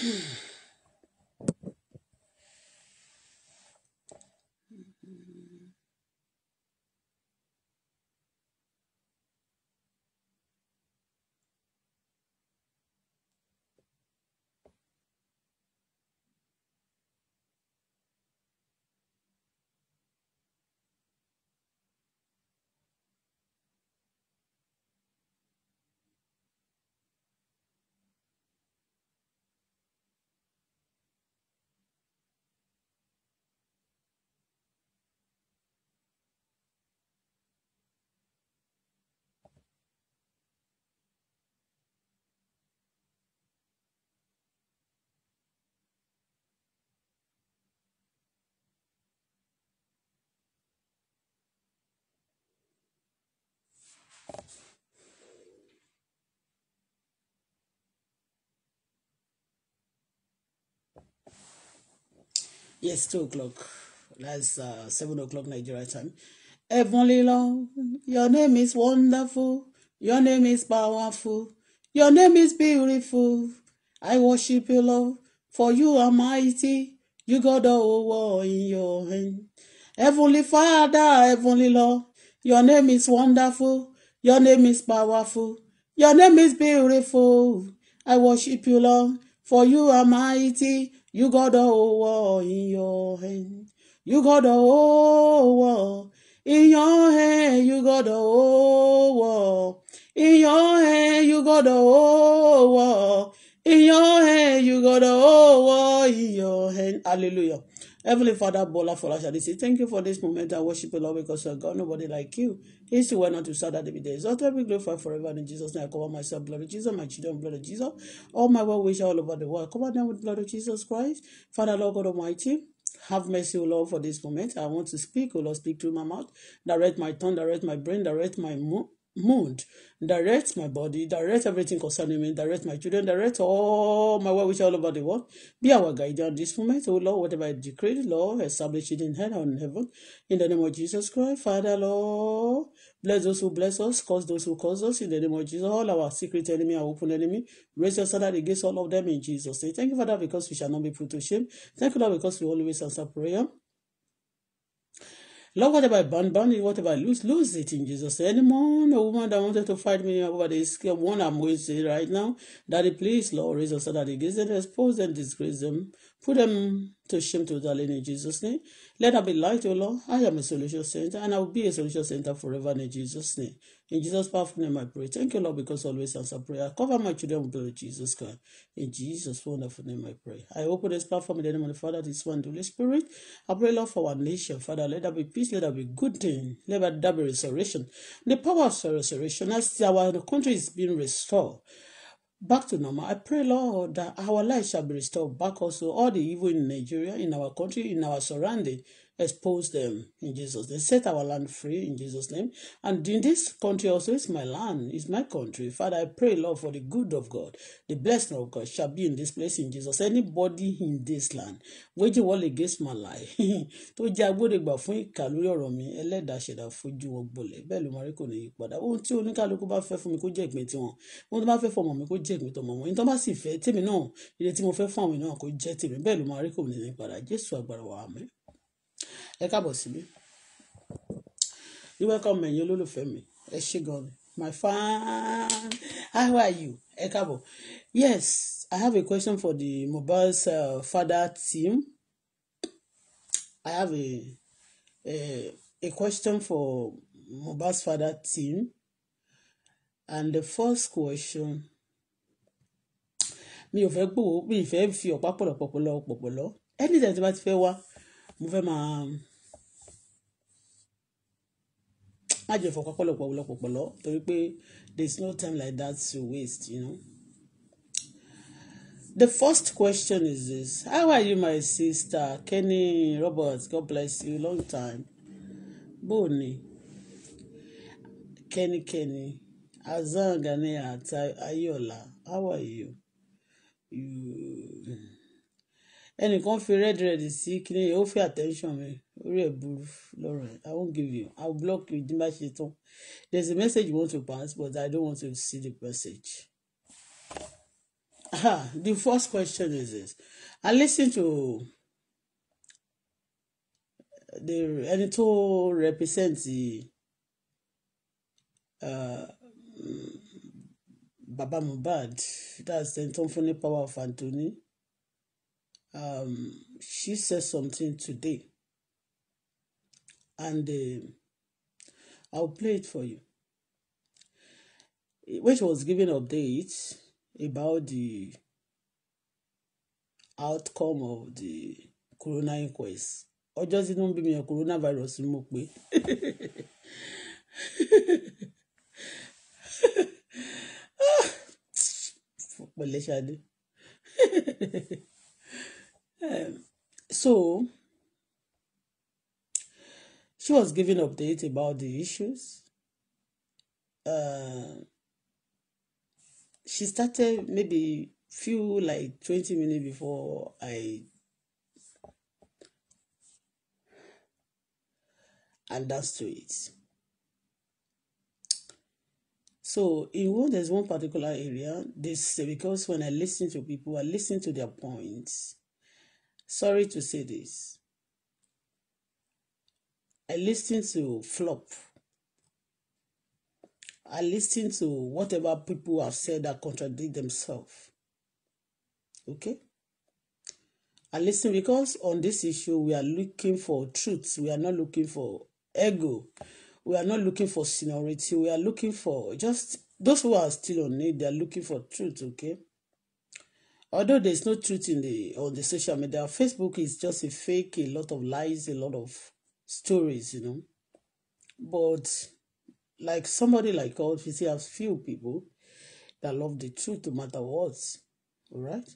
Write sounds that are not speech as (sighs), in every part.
Hmm. (sighs) (laughs) Yes, two o'clock. That's uh, seven o'clock Nigeria time. Heavenly Lord, your name is wonderful. Your name is powerful. Your name is beautiful. I worship you, Lord, for you are mighty. You got the whole world in your hand. Heavenly Father, Heavenly Lord, your name is wonderful. Your name is powerful. Your name is beautiful. I worship you, Lord, for you are mighty. You got the whole world in your hand. You got the whole world in your hand. You got the whole world in your hand. You got the whole world in your hand. You got the whole world in your hand. Hallelujah. Heavenly Father, Bola Fola say, Thank you for this moment. I worship you, Lord, because you God, nobody like you. He's the one not to start at the days. I'll be glorified forever in Jesus' name. I cover myself, blood of Jesus, my children, blood of Jesus, all my well wishes all over the world. Cover them with blood of Jesus Christ. Father, Lord God Almighty, have mercy, O Lord, for this moment. I want to speak, O Lord, speak through my mouth. Direct my tongue, direct my brain, direct my mouth mood. Direct my body, direct everything concerning me, direct my children, direct all my well wishes all over the world. Be our guide at this moment, O Lord, whatever I decree, Lord, establish it in heaven and heaven. In the name of Jesus Christ, Father, Lord, bless those who bless us, curse those who curse us. In the name of Jesus, all our secret enemy, our open enemy, raise your standard against all of them in Jesus' name. Thank you, Father, because we shall not be put to shame. Thank you, Lord, because we always answer prayer. Lord, whatever I burn, burn it. Whatever I lose, lose it in Jesus. Any man or woman that wanted to fight me over this one I'm going to say right now, Daddy, please, Lord, raise us so that against it expose and disgrace them, put them to shame to the in Jesus' name. Let there be light, O Lord. I am a solution center, and I will be a solution center forever in Jesus' name. In Jesus' powerful name, I pray. Thank you, Lord, because always answer prayer. Cover my children with blood of Jesus Christ. In Jesus' wonderful name, I pray. I open this platform in the name of the Father, this one, the Holy Spirit. I pray, Lord, for our nation. Father, let there be peace, let there be good thing, let there be restoration. The power of restoration, as our country is being restored back to normal. I pray, Lord, that our life shall be restored back also, all the evil in Nigeria, in our country, in our surrounding, expose them in Jesus' They Set our land free in Jesus' name. And in this country also is my land, is my country. Father, I pray, Lord, for the good of God. The blessing of God shall be in this place in Jesus. Anybody in this land waging war against my life. (laughs) to jẹ́ agbódegbà fún ìkà lórí ọ̀rọ̀ mi ẹlẹ́dàá ṣẹ̀dá fojú wọn gbolẹ̀ bẹ́ẹ̀ ló mọ̀rí kò ní yí padà ohun tí oníkálukú bá fẹ́ fún mi kó jẹ́ ìpín tiwọn ohun tó bá fẹ́ fọmọ mi kó jẹ́ ìpín tọmọ wọn ìtàn bá sì fẹ́ tèmi náà ilé tí mo fẹ́ fún àwọn náà kó jẹ́ tèmi bẹ́ẹ̀ ló mọ̀rí kò ní yí padà Jésù agbára wa àmín ẹ káàbọ̀ sílé you welcome ẹ̀yin olólùfẹ́ mi ẹ ṣé gan my fan how are you ẹ káàbọ̀ yes I have a question for the mobiles uh, father team I have a a, a question for mobiles father team and the first question mi ò fẹ́ gbòó mi ì fẹ́ fi ọ̀pá pọ̀lọ̀pọ̀lọ̀ pọ̀pọ̀lọ̀ anytime tí bá ti fẹ́ wá mo fẹ́ máa má jẹ́ fọkàn pọ̀lọpọ̀ pọ̀lọpọ̀ torí pé there is no time like that to waste you know. The first question is this. How are you, my sister? Kenny Roberts, God bless you. Long time. Boni. Kenny Kenny. Azan Ganea Ayola. How are you? You. Ẹnìkan fi red red sí kí ni ó fi attention mi orí ẹ̀ burú lọ́rọ̀ i won't give you i will block you dín bá ṣe tán there is a message you want to pass but i don't want to see the message. Ah, the first question is this i listen to the ẹni tó represent the, uh, baba Mohbad that's the tó power of Anthony um, she said something today and uh, I'll play it for you, which was giving updates about the outcome of the corona inquest. ọjọ́ tí wọ́n bí mi yàn coronavirus ni mo pé (laughs) pẹ̀lẹ́ (laughs) um, so. She was giving updates about the issues. Uh, she started maybe few like 20 minutes before I understood it. So in one, there's one particular area. This because when I listen to people, I listen to their points. Sorry to say this. I listen to flop. I listen to whatever people have said that contradict themselves. Okay? I listen because on this issue we are looking for truth. We are not looking for ego. We are not looking for seniority. We are looking for just those who are still on it, they are looking for truth, okay? Although there is no truth in the on the social media, Facebook is just a fake, a lot of lies, a lot of stories, you know. But like somebody like us, we see as few people that love the truth no matter what. All right.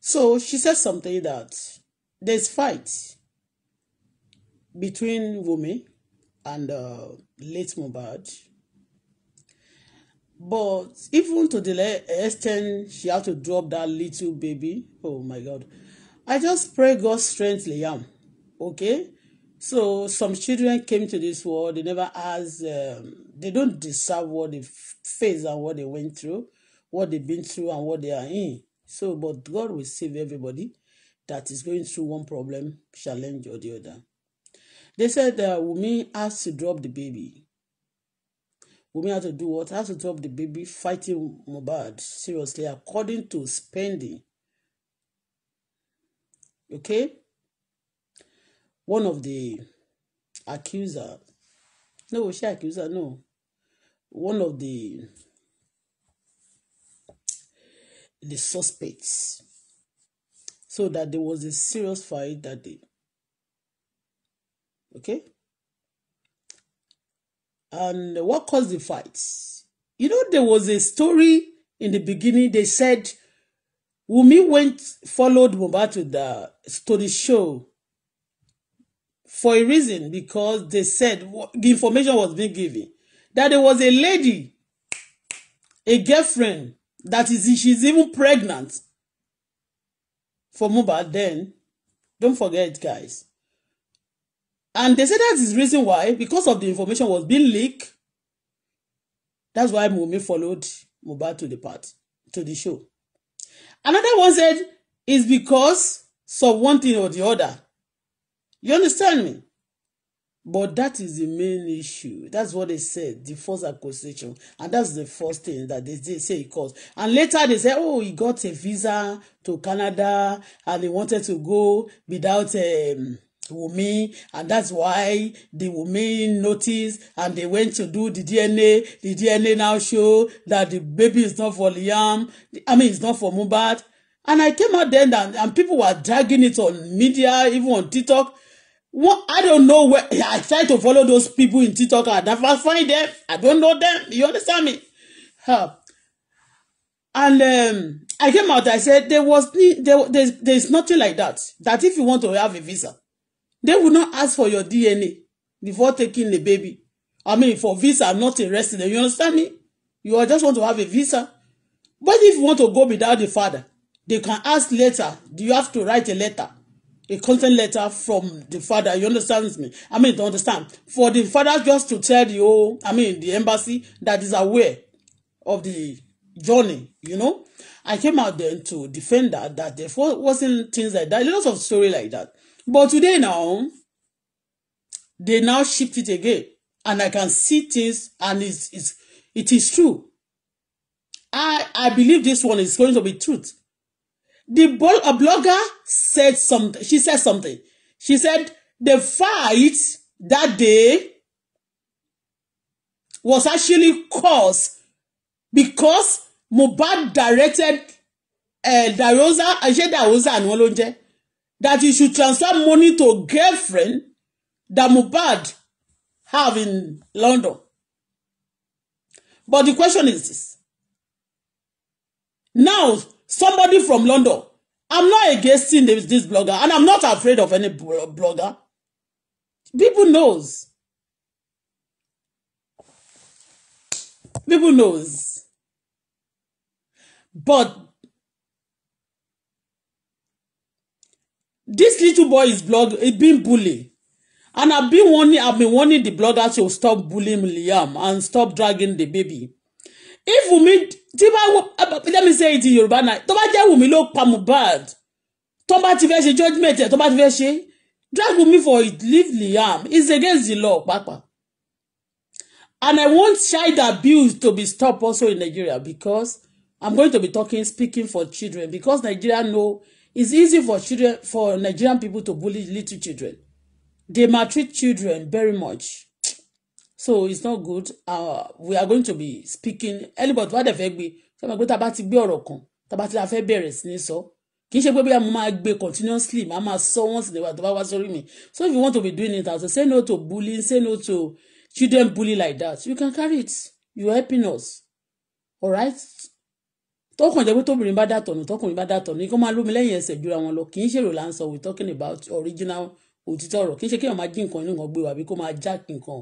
So she says something that there's fight between Wumi and uh, late Mubad. But even to the extent she had to drop that little baby, oh my God. I just pray God's strength, Liam. Okay? So some children came to this world, they never asked, um, they don't deserve what they faced and what they went through, what they've been through and what they are in. So, but God will save everybody that is going through one problem, challenge or the other. They said that uh, Wunmi has to drop the baby. Wunmi had to do what? Has to drop the baby fighting Mohbad, seriously, according to spending. Okay? one of the accuser no she accuser no one of the the suspects so that there was a serious fight that day okay and what caused the fight you know there was a story in the beginning they said Wunmi went followed Mohbad to the story show for a reason because they said the information was being given that there was a lady, a girlfriend that is she's even pregnant for Mohbad then. Don't forget, guys. And they said that is reason why, because of the information was being leaked. That's why Mumi followed Mohbad to the part to the show. Another one said is because so one thing or the other You understand me? But that is the main issue. That's what they said, the false accusation. And that's the first thing that they, they say it caused. And later they say, oh, he got a visa to Canada and he wanted to go without um, woman, And that's why the woman noticed and they went to do the DNA. The DNA now show that the baby is not for Liam. I mean, it's not for Mohbad. And I came out then and, and people were dragging it on media, even on TikTok. What I don't know where I try to follow those people in TikTok. I never find them. I don't know them. You understand me? Huh. And um, I came out. I said there was there there there's nothing like that. That if you want to have a visa, they will not ask for your DNA before taking the baby. I mean, for visa, I'm not resident. You understand me? You just want to have a visa. But if you want to go without the father, they can ask later. Do you have to write a letter? a content letter from the father you understand me i mean to understand for the father just to tell the whole i mean the embassy that is aware of the journey you know i came out then to defend that that there wasn't things like that lots of story like that but today now they now shift it again and i can see things and it's, it's it is true i i believe this one is going to be truth the a blogger said something. She said something. She said the fight that day was actually caused because Mubad directed uh, Darosa, ṣé Darosa and ló that he should transfer money to girlfriend that Mubad have in London. But the question is this. Now, somebody from London. I'm not against this, this blogger, and I'm not afraid of any blogger. People knows. People knows. But this little boy is blog is being bullied. And I've been warning I've been warning the blogger to stop bullying Liam and stop dragging the baby if Wumi tí bá let me say it in Yoruba náà tó bá jẹ́ Wumi ló pa Mohbad tó bá ti fẹ́ ṣe judgement ẹ̀ tó bá ti fẹ́ ṣe drag Wumi for it leave Liam it's against the law Papa. and I want child abuse to be stopped also in Nigeria because I'm going to be talking speaking for children because Nigeria know it's easy for children for Nigerian people to bully little children they maltreat children very much so it's not good uh, we are going to be speaking anybody tó bá dẹ̀ fẹ́ gbé ṣé máa gbé tá a bá ti gbé ọ̀rọ̀ kan tá a bá ti la fẹ́ bẹ̀rẹ̀ sí ní sọ kì í ṣe pé bóyá mo máa gbé continuously máa máa sọ once in a while tó bá wá sórí mi so if you want to be doing it also say no to bullying say no to children bully like that you can carry it you helping us alright tọkàn jẹ́ pé tóbìnrin bá dàtọ̀nù tọkùnrin bá dàtọ̀nù kí wọ́n máa lómi lẹ́yìn ẹsẹ̀ jura wọn lọ kì í ṣèrò là ń we talking about original òtítọ́ ọ̀rọ̀ kì í ṣe kéèyàn máa jí nǹkan inú nǹkan gbé wa kó máa já nǹkan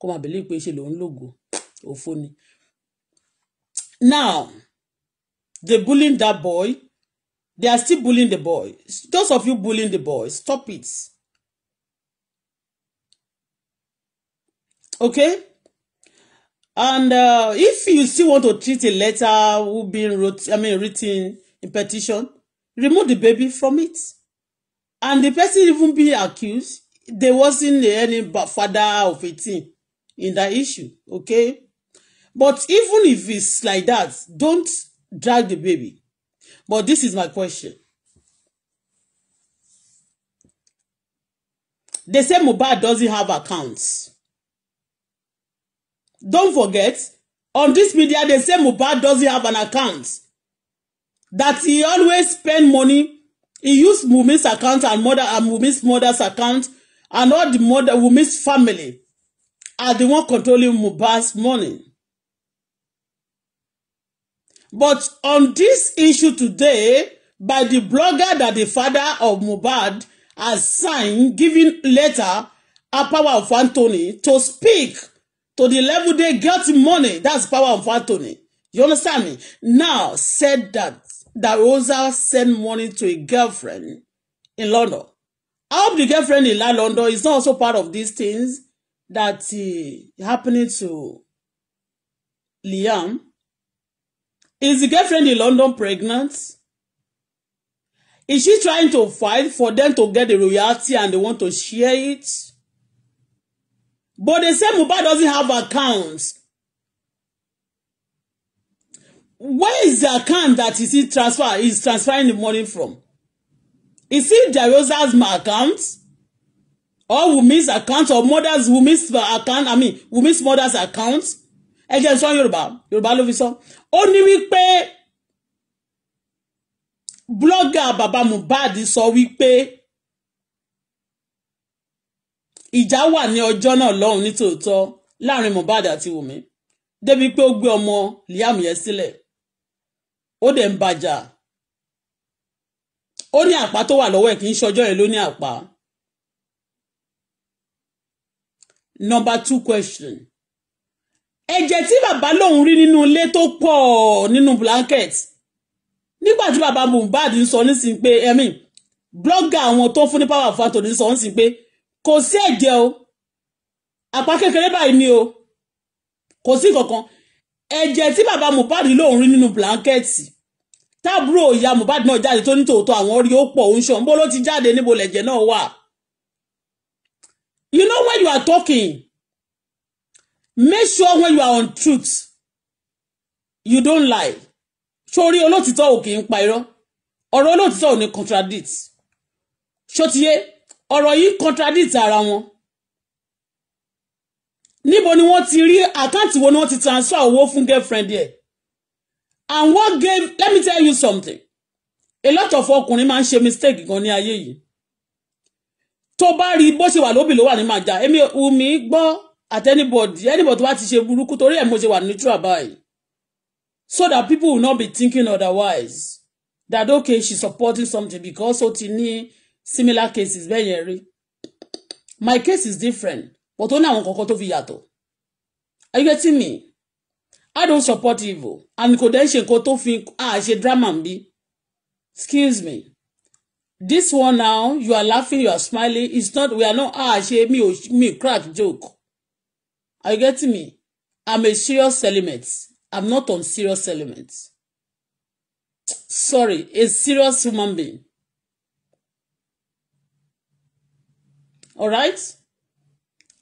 kó máa believe pé ṣe lòun lògo òfo ni. now they bullying that boy they are still bullying the boy those of you bullying the boy stop it okay and uh, if you still want to treat a letter who been wrote i mean written in petition remove the baby from it and the person even being accused there wasn't any father of a teen in that issue okay but even if it's like that don't drag the baby but this is my question they say Mohbad doesn't have accounts don't forget on this media they say Mohbad doesn't have an account that he always spend money he used Mumi's account and mother and Mumi's mother's account and all the mother Mumi's family are the one controlling Mohbad's money. But on this issue today, by the blogger that the father of Mubad has signed, giving letter, a Power of Anthony, to speak to the level they get money. That's Power of Anthony. You understand me? Now, said that, that Rosa sent money to a girlfriend in London. I hope the girlfriend in London is not also part of these things that uh, happening to Liam? Is the girlfriend in London pregnant? Is she trying to fight for them to get the royalty and they want to share it? But they say Mohbad doesn't have accounts. Where is the account that is he transfer is transferring the money from? Is it Jarosa's account? or Wunmi's accounts or mother's Wunmi's account I mean Wunmi's mother's account ẹ jẹ́ sọ Yorùbá Yorùbá ló fi sọ ó ní wípé blogger baba Mohbad sọ wípé ìjà wà ní ọjọ́ náà lọ́hùn nítòótọ́ láàrin Mohbad àti Wunmi débi pé ó gbé ọmọ Liam yẹn sílẹ̀ ó dẹ̀ ń bàjà ó ní àpá tó wà lọ́wọ́ ẹ̀ kì í ṣọjọ́ yẹn ló ní àpá number two question ẹ̀jẹ̀ tí bàbá lòun rí nínú ilé tó pọ̀ nínú blanket nígbà tí bàbá Mohbad ń sọ nísìnyí pé ẹ̀mí blogger àwọn tó ń fún ní power fún àtòní sọ nísìnyí pé kò sí ẹ̀jẹ̀ o àpá kékeré báyìí ni o kò sí kankan ẹ̀jẹ̀ tí bàbá Mohbad lòun rí nínú blanket tábúrò ìyá Mohbad náà jáde tó ní tòótọ́ àwọn orí ó pọ̀ ó ń ṣọ́ bó ló ti jáde níbo lẹ̀jẹ̀ náà wà. You know when you are talking, make sure when you are on truth, you don't lie. Sori olótìtọ́ ò kì í pa irọ́. Ọ̀rọ̀ olótìtọ́ ò ní contradict. Ṣótiyé ọ̀rọ̀ yìí contradict ara wọn. Níbo ni wọ́n ti rí àkáǹtì wo ni wọ́n ti transfer owó fún girlfriend yẹn? And what gave let me tell you something. A lot of ọkùnrin máa ń ṣe mistake gan ní ayé yìí tó bá rí bó ṣe wà lóbì ló wà ní máa jà èmi Wùmí gbọ́ at anybody anybody tó bá ti ṣe burúkú torí ẹ̀ mo ṣe wà neutral báyìí so that people will not be thinking otherwise that okay she's supporting something because ó ti ní similar cases bẹ́ẹ̀ yẹn rí my case is different but ó ní àwọn kankan tó fi yàtọ̀ are you getting me I don't support evil and kò dẹ́ ṣe nǹkan tó fi àṣe drama bí excuse me this one now you are laughing you are smiling it's not we are not ah ṣe mi o mi crack joke are you getting me i'm a serious element i'm not on serious element sorry a serious human being All right.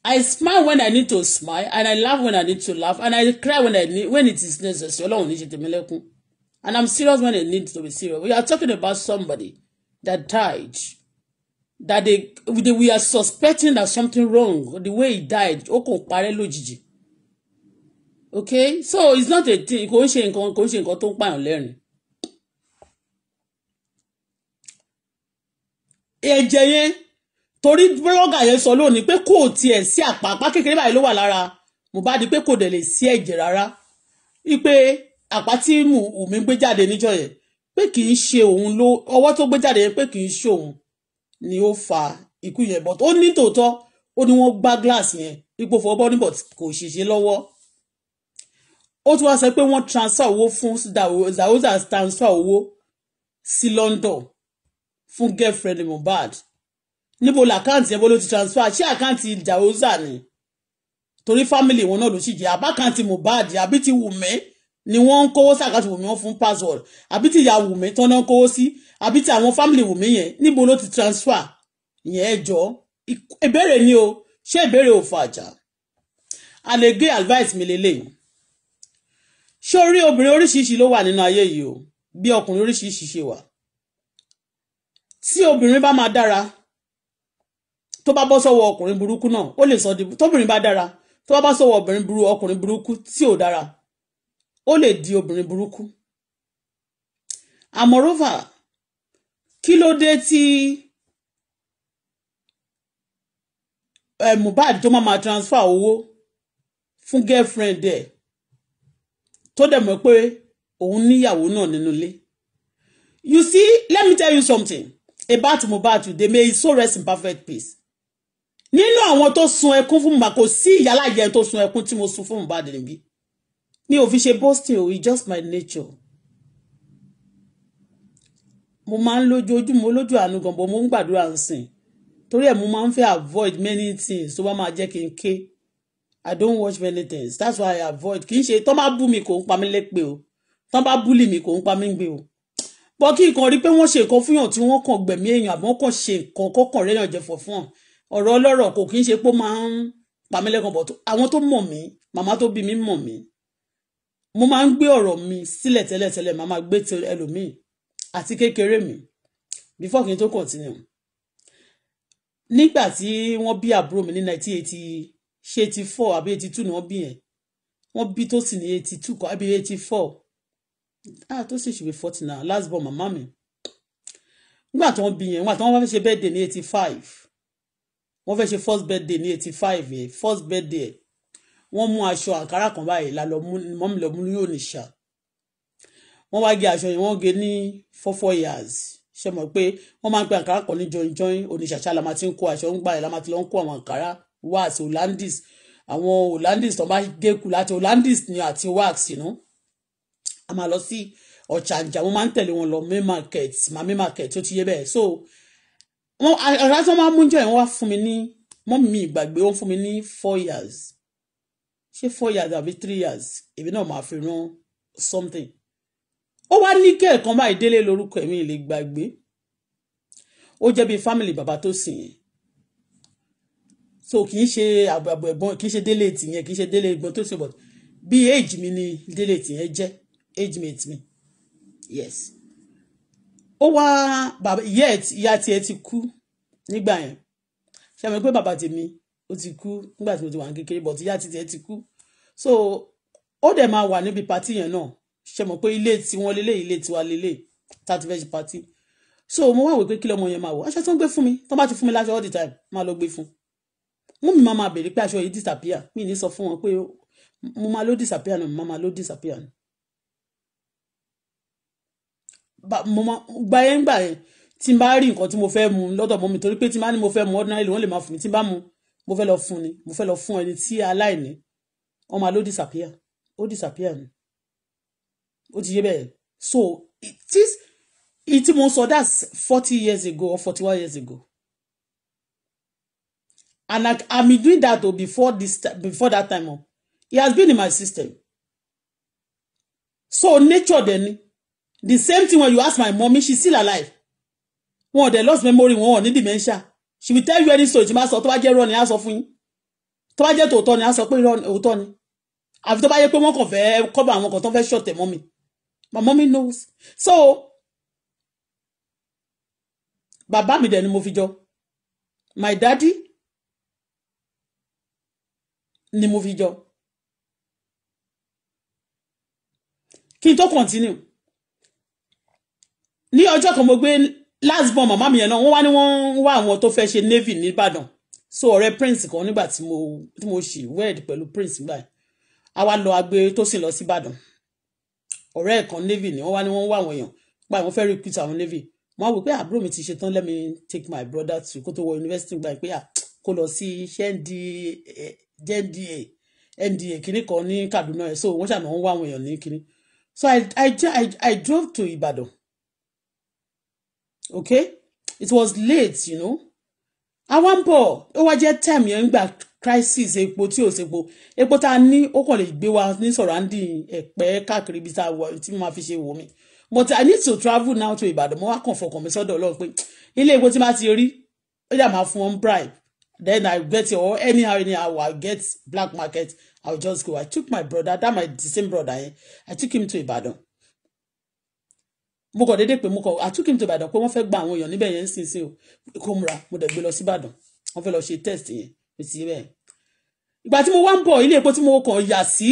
i smile when i need to smile and i laugh when i need to laugh and i cry when i need when it is necessary Ọlọ́run ní ṣe tèmi and i'm serious when i need to be serious we are talking about somebody that died that they, they we are suspecting that something wrong the way he died ó kàn parẹ́ okay so it's not a thing kò ń ṣe nǹkan kò ń ṣe nǹkan tó ń pààyàn lẹ́rìn. ẹ̀jẹ̀ yẹn torí búlọ́gà yẹn sọ lónìí pé kò tiẹ̀ sí àpápá kékeré báyìí ló wà lára Mohbad pé kò dẹ̀ lè sí ẹ̀jẹ̀ rárá wípé àpá tí Wùmí gbé jáde níjọ́ yẹn pé kì í ṣe òun ló ọwọ́ tó gbé jáde yẹn pé kì í ṣe òun ni ó fa ikú yẹn but ó ní tòótọ́ ó ní wọ́n gbá glass yẹn ipò fọwọ́ ní but kò ṣèṣe lọ́wọ́ ó tún wá sọ pé wọ́n transfer owó fún zaoza transfer owó sí London fún girlfriend Mohbad níbo làkáǹtì yẹn bó ló ti transfer ṣé àkáǹtì zaoza ni torí family wọn náà ló sì jẹ àbákáǹtì Mohbad àbí ti wù mí ni wọ́n ń kówó sàkáàtì wùmí wọ́n fún password àbí tí ìyá wùmí tán náà kówó sí àbí tí àwọn family wùmí yẹn níbo ló ti transfer ìyẹn ẹ jọ ìbéèrè ni o ṣé ìbéèrè ò fàjà àlege advice mi lélẹ́yìn ṣé orí obìnrin oríṣiríṣi ló wà nínú ayé yìí o bí ọkùnrin oríṣiríṣi ṣe wà tí obìnrin bá máa dára tó bá bọ́ sọ́wọ́ ọkùnrin burúkú náà ó lè sọ di tóbìnrin bá dára tó bá bá sọ́wọ́ ọkùnrin burúkú tí ò dára ó lè di obìnrin burúkú and moreover kí ló dé tí eh, Mohbad tó máa máa transfer owó fún girlfriend ẹ̀ tó dẹ̀ mọ̀ pé òun níyàwó náà nínú ilé you see let me tell you something about Mohbad today may he so rest in perfect peace nínú àwọn tó sun ẹkún fún Mohbad kò sí ìyálàyẹ tó sun ẹkún tí mo sun fún Mohbad níbí mi ò fi ṣe boasting o it's just my nature mo máa ń lójú ojú mo lójú àánú gan bó mo ń gbàdúrà ń sìn torí ẹ̀ mo máa ń fẹ́ avoid many things tó bá máa jẹ́ kí n ké i don't watch many things that's why i avoid kì í ṣe tán bá bú mi kò ń pa mí lẹ́pẹ́ o tán bá búlì mi kò ń pa mí gbé o bọ́ kí nǹkan rí pé wọ́n ṣe nǹkan fúnyàn tí wọ́n kàn gbẹ̀mí èèyàn àbọ̀ kàn ṣe nǹkan kọ́kàn rẹ́yàn jẹ fọ̀ ọ̀rọ̀ ọlọ́rọ̀ kò kì í ṣe pé ó máa ń pa mí lẹ́kàn bọ̀ àwọn tó mọ̀ mí màmá tó bí mi mọ̀ mí mo máa ń gbé ọ̀rọ̀ mi sílẹ̀ tẹ́lẹ̀tẹ́lẹ̀ màá máa gbé ti ẹlòmíì àti kékeré mi before kí n tó continue nígbà tí wọ́n bí àbúrò mi ní nineteen eighty ṣe eighty four àbí eighty two ni wọ́n bí yẹn wọ́n bí tó sì ní eighty two àbí eighty ah tó sì ṣùgbọ́n forty now last born màmá mi nígbà tí wọ́n bí yẹn nígbà tí wọ́n bá fẹ́ ṣe birthday ní eighty wọ́n fẹ́ ṣe first birthday ní eighty yẹn first birthday wọ́n mú aṣọ àǹkárá kan báyìí la lọ mọ́mí lọ mú ní ònìṣà wọ́n wá gé aṣọ yẹn wọ́n gé ní four four years ṣe mọ̀ pé wọ́n máa ń pe àǹkárá kan ní joinjoin oníṣàṣà la máa ti ń kó aṣọ ń gbà yẹn la máa ti lọ ń kó àwọn àǹkárá wax hollandis àwọn hollandis tó bá gé láti hollandis ni àti wax nù a máa lọ sí ọ̀chàǹjà wọ́n máa ń tẹ̀lé wọn lọ main market mami market tó ti yé bẹ́ẹ̀ so ọ̀rá tí wọ́n máa mú jọ yẹn wá fún mi ní mọ́mí ìgbàgbé wọ́n fún mi ní four years ṣé four years àbí three years èmi náà máa fi rán something ó wá ní kẹ́ẹ̀kan báyìí délé lórúkọ ẹ̀mí lè gbàgbé ó jẹ́ bíi family bàbá tó sìn yẹn so kì í ṣe àbàbò ẹ̀gbọ́n kì í ṣe délé tìyẹn kì í ṣe délé ẹ̀gbọ́n tó sìn bọ̀ bí age mi ni délé tìyẹn jẹ́ age mate mi yes ó wá bàbá ìyá ẹ̀ ìyá tiẹ̀ ti kú nígbà yẹn ṣàmì pé bàbá tèmi ó ti kú nígbà tí mo ti wà ní kékeré bọ̀ tíyá ti tiẹ̀ ti kú so ó dẹ̀ máa wà níbi pàtí yẹn náà ṣe mọ̀ pé ilé tiwọn lélẹ̀ ilé tiwa lélẹ̀ thirty first party so mo wá wò pé kí lọ́mọ yẹn máa wò aṣọ tó ń gbé fún mi tó bá ti fún mi láṣọ all the time máa lọ gbé fún mú mi máa bèrè pé aṣọ yìí disappear mi ní sọ fún wọn pé mo máa ló disappear nù mo máa ló disappear nù mo máa gba yẹn gbà yẹn tí n bá rí nǹkan tí mo fẹ́ mu lọ́dọ̀ mọ́ mi torí pé tí n bá ní mo fẹ́ mu ordinary wọ́n lè máa fún mi tí n bá mu mo fẹ́ lọ fún ni mo fẹ́ lọ fún ẹni tí aláìní wọ́n máa ló disappear ó disappear ni ó ti yé bẹ́ẹ̀ so it is ìtí mo sọ that's forty years ago or forty one years ago and I, I'm doing that o before this before that time o he has been in my system so nature dẹ̀ ni the same thing when you ask my mummy she still alive One of the lost memory One ò ní dementia she will tell you any story tí máa sọ tó bá jẹ́ irọ́ ni á sọ fún yín tó bá jẹ́ tòótọ́ ni á sọ pé irọ́ òótọ́ ni àfi tó bá yẹ pé wọ́n kàn fẹ́ kọ́bà àwọn kan tó fẹ́ ṣọ̀tẹ̀ mọ́ mi my mommy knows so bàbá mi dẹ̀ ni mo fi jọ my daddy ni mo fi jọ kí n tó continue ní ọjọ́ kan mo gbé last born màmá mi yẹn náà wọ́n wá ní wọ́n wá àwọn to fẹ́ ṣe navy nìbàdàn so ọ̀rẹ́ prince kan nígbà tí mo tí mo ṣì wed pẹ̀lú prince nígbà yẹn a wá lọ agbe tó sì lọ sí ìbàdàn ọ̀rẹ́ ẹ̀ kan navy ni wọ́n wá ní wọ́n wá àwọn èèyàn pa àwọn fẹ́ recruit àwọn navy mo wá wò pé àbúrò ah, mi ti ṣe tán let me take my brother to kó tó wọ university gbà pé ah, kó lọ sí iṣẹ́ nda nda kìnnì kan ní Kaduna so wọ́n ṣàmì wọ́n wá àwọn èèyàn ní kìnnì so I, I, I, I drove to Ìbàdàn okay it was late you know àwa ń bọ̀ ó wá jẹ́ time yẹn ń crisis epo tí ò sepo epo tá a ní ó kàn lè gbé wa ní sọ̀ráǹdì ẹ̀pẹ́ káàkiri ibi tá a wà tí mo máa fi ṣe wò mí but i need to travel now to Ìbàdàn mo wá kàn fọkàn mi sọ́dọ̀ Ọlọ́run pé ilé epo tí máa ti rí ó yà máa fún wọn bribe then i get it or anyhow anyhow i get black market i just go i took my brother that my the same brother eh? i took him to Ìbàdàn mo kọ̀ déédéé pé mo kọ̀ I took him to Ìbàdàn pé wọ́n fẹ́ gba àwọn èèyàn níbẹ̀ yẹn nísinsìnyí o kó múra mo dẹ̀ gbé lọ sí Ìbàdàn wọ́n fẹ́ lọ ṣe test yẹn kò sí bẹ́ẹ̀. ìgbà tí mo wá ń bọ̀ ilé epo tí mo kàn yà sí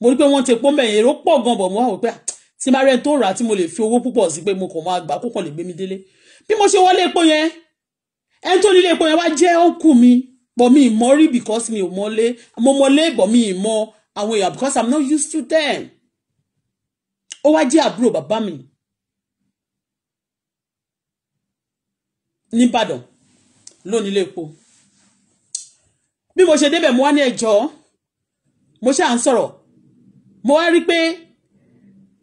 mo rí pé wọ́n ti pọ́ mẹ́yìn èrò pọ̀ gan bọ̀ mo wá wò pé ah, tí máa rẹ̀ tó rà tí mo lè fi owó púpọ̀ sí pé mo kàn máa gbà kókàn lè gbé mi délé bí mo ṣe wọlé epo yẹn ẹni tó nílé epo yẹn wá jẹ́ ọ̀nkù mi bọ̀ mi mọ̀ rí because mi ò mọ̀lé mo mọ̀lé bọ̀ mi mọ̀ àwọn èèyàn because I'm not used to them ó wá jẹ́ àbúrò bàbá mi nìbàdàn lónìí lépo bí mo ṣe débẹ̀ mo wá ní ẹjọ́ mo ṣáà ń sọ̀rọ̀ mo wá rí pé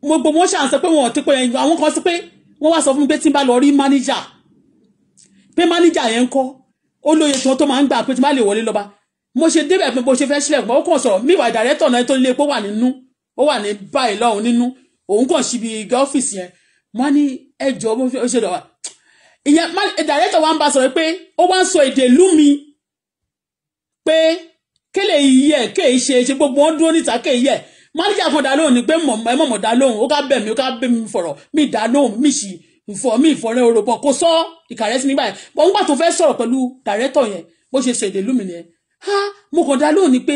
mo gbogbo wọn ṣáà ń sọ pé wọn ò ti pé àwọn kan sí pé wọ́n wá sọ fún mi pé tí n bá lọ rí máníjà pé máníjà yẹn ń kọ́ ó lóye tí wọ́n tó máa ń gbà pé tí n bá lè wọlé lọ́ba mo ṣe débẹ̀ pé bó ṣe fẹ́ sílẹ̀ pọ̀ ó kàn sọ̀rọ̀ mí ìwà ìdàrẹ́tọ̀ náà tó nílé pé ó wà nínú ó wà ní báyìí lọ́hùn nínú òun kàn síbi ọ́fíìsì yẹn wọ́n á ní ẹjọ́ bó ṣe dọ̀wà ìyẹn director wa ń bá sọ̀rọ̀ pé ó wá ń sọ èdè ìlú mi pé kéle iyẹ kéè ṣe ṣe gbogbo wọn dúró níta kéè yẹ manager kan dá lóhùn ni pé ẹ mọ̀mọ́ dá lóhùn ó ká bẹ̀ mí ó ká bẹ̀ mí fọ̀rọ̀ mi dá lóhùn mi sì fọ̀ mí ìfọ̀rẹ́ orobọ̀ kò sọ ìkàrẹ́ sí nígbà yẹn bọ̀ nígbà tó fẹ́ sọ̀rọ̀ pẹ̀lú director yẹn bó ṣe sọ èdè ìlú mi ha mo kàn dá lóhùn ni pé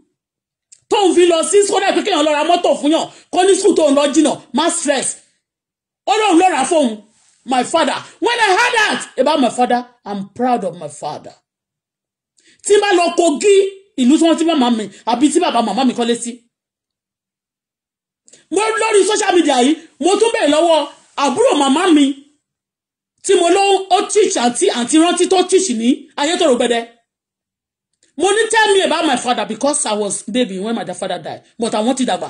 tó ń fi lọ sí kódà pé kéèyàn lọ ra mọ́tò fún yàn kọ́ ní skul tó ń lọ jìnnà má stress ó lóun lọ rà fóun my father when I heard that about my father I'm proud of my father tí n bá lọ Kogi ìlú tí wọ́n ti màmá mi àbí tí bàbá màmá mi kọ́lé sí mo lórí social media yìí mo tún bẹ̀rẹ̀ lọ́wọ́ àbúrò màmá mi tí mo lọ ó tíṣ àti àti rántí tó tíṣ ní ayétòrò gbẹdẹ mo ní tell me about my father because I was baby when my father died but àwọn ti dàgbà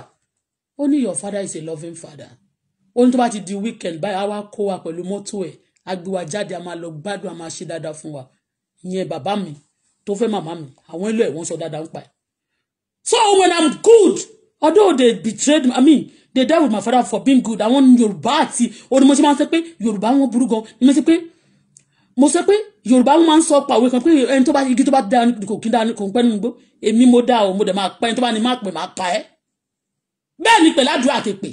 ó ní your father is a loving father ó ní tó bá ti di weekend báyìí á wá kó wa pẹ̀lú mọ́tò ẹ̀ á gbé wa jáde a máa lọ gbádùn a máa ṣe dáadáa fún wa ìyẹn bàbá mi tó fẹ́ màmá mi àwọn ilé ẹ̀ wọ́n sọ dáadáa ń pa ẹ̀ so when I'm good although they betrayed me I mean they dealt with my father for being good àwọn Yorùbá àti onímọ̀ṣẹ́ máa ń sẹ́ pé Yorùbá wọn burú gan ni mo sẹ́ pé mo sọ pé yorùbá máa ń sọ pa òwe kan pé ẹni tó bá igi tó bá da kò kí da kò ń pẹ́ nínú gbó èmi mo da o mo dẹ̀ máa pa ẹni tó bá ní má pè máa pa ẹ́ bẹ́ẹ̀ ni pẹ̀lú àdúrà àti pè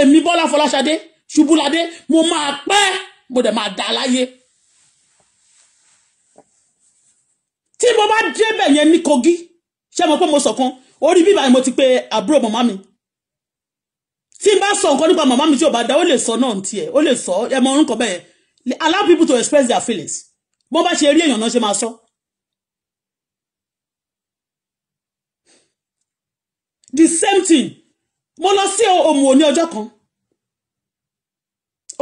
èmi bọ́lá fọláṣadé ṣubúladé mo máa pẹ́ mo dẹ̀ máa da láyé tí mo bá débẹ̀ yẹn ní kogi ṣé mo pé mo sọ̀kan orí bíbá mo ti pe àbúrò màmá mi tí n bá sọ nǹkan nípa màmá mi tí ò bá da ó lè sọ náà tiẹ̀ ó lè sọ ẹ mọ orúkọ bẹ́ẹ̀ allow people to express their feelings bó bá ṣe rí èèyàn náà ṣe máa sọ. the same thing mo lọ sí òmù òní ọjọ́ kan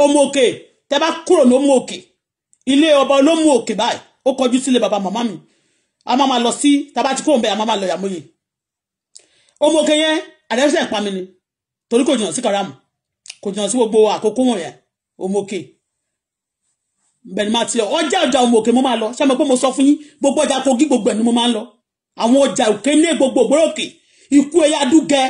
òmù òkè tẹ bá kúrò ló mú òkè ilé ọba ló mú òkè báyìí ó kọjú sílé bàbá màmá mi a máa ma lọ sí tá ti kúrò ń bẹ a máa ma lọ yàmóye òmù òkè yẹn àdẹ́sẹ̀ ìpamì ni torí kò jìnnà sí kàrámù kò jìnnà sí gbogbo àkókò wọ̀nyẹn òmù òkè bẹ́ẹ̀ ni máa ti lọ ọjà ọjà òun òkè mo máa lọ ṣé mo pé mo sọ fún yín gbogbo ọjà kogi gbogbo ẹ̀ ni mo máa ń lọ àwọn ọjà òkè ní gbogbo ògbóró òkè ikú ẹ̀yà dúgẹ́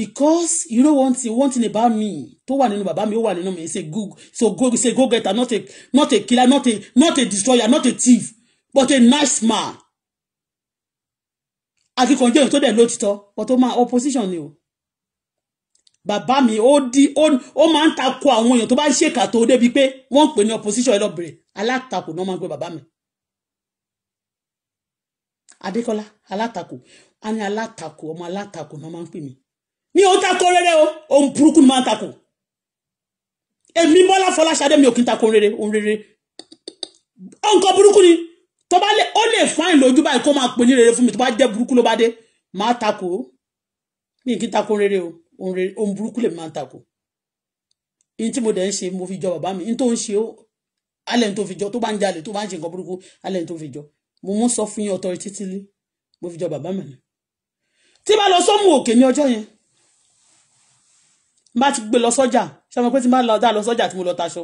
because you know one thing one thing about me tó wà nínú bàbá mi ó wà nínú mi he say go so go say go getter not a not a killer not a not a destroyer not a thief but a nice man akíkanjú èyí tó dẹ̀ lótìtọ́ but ó máa opposition ni o bàbá mi ó di ó máa ń takò àwọn èèyàn tó bá ń ṣèkà tó débi pé wọ́n ń pè ní opposition ẹlọ́bìnrin alátakò náà máa ń gbé bàbá mi adékọ́lá alátakò á ní alátakò ọmọ alátakò náà máa ń pè mí mi ò takò rere o ohun burúkú ni máa ń takò èmi bọ́lá fọláṣadé mi ò kí ń takò rere ohun rere nǹkan burúkú ni tó bá lè ó lè fáìn lójú báyìí kó máa pè ní rere fún mi tó bá jẹ́ burúkú ló bá dé máa takò mi kì í takò rere o ohun burúkú lè máa ń takò ihun tí mo dẹ̀ ń ṣe mo fi jọ bàbá mi ihun tó ń ṣe ó alẹ́ tó fi jọ tó bá ń jalè tó bá ń ṣe nǹkan burúkú alẹ́ tó fi jọ mo mú sọ fún yín authority títílé mo fi jọ bàbá mi ni tí bá lọ sọ́mù òkè ní ọjọ́ yẹn bá ti gbé lọ sọ́jà ṣé mo pé tí bá lọ dá lọ sọ́jà tí mo lọ taṣọ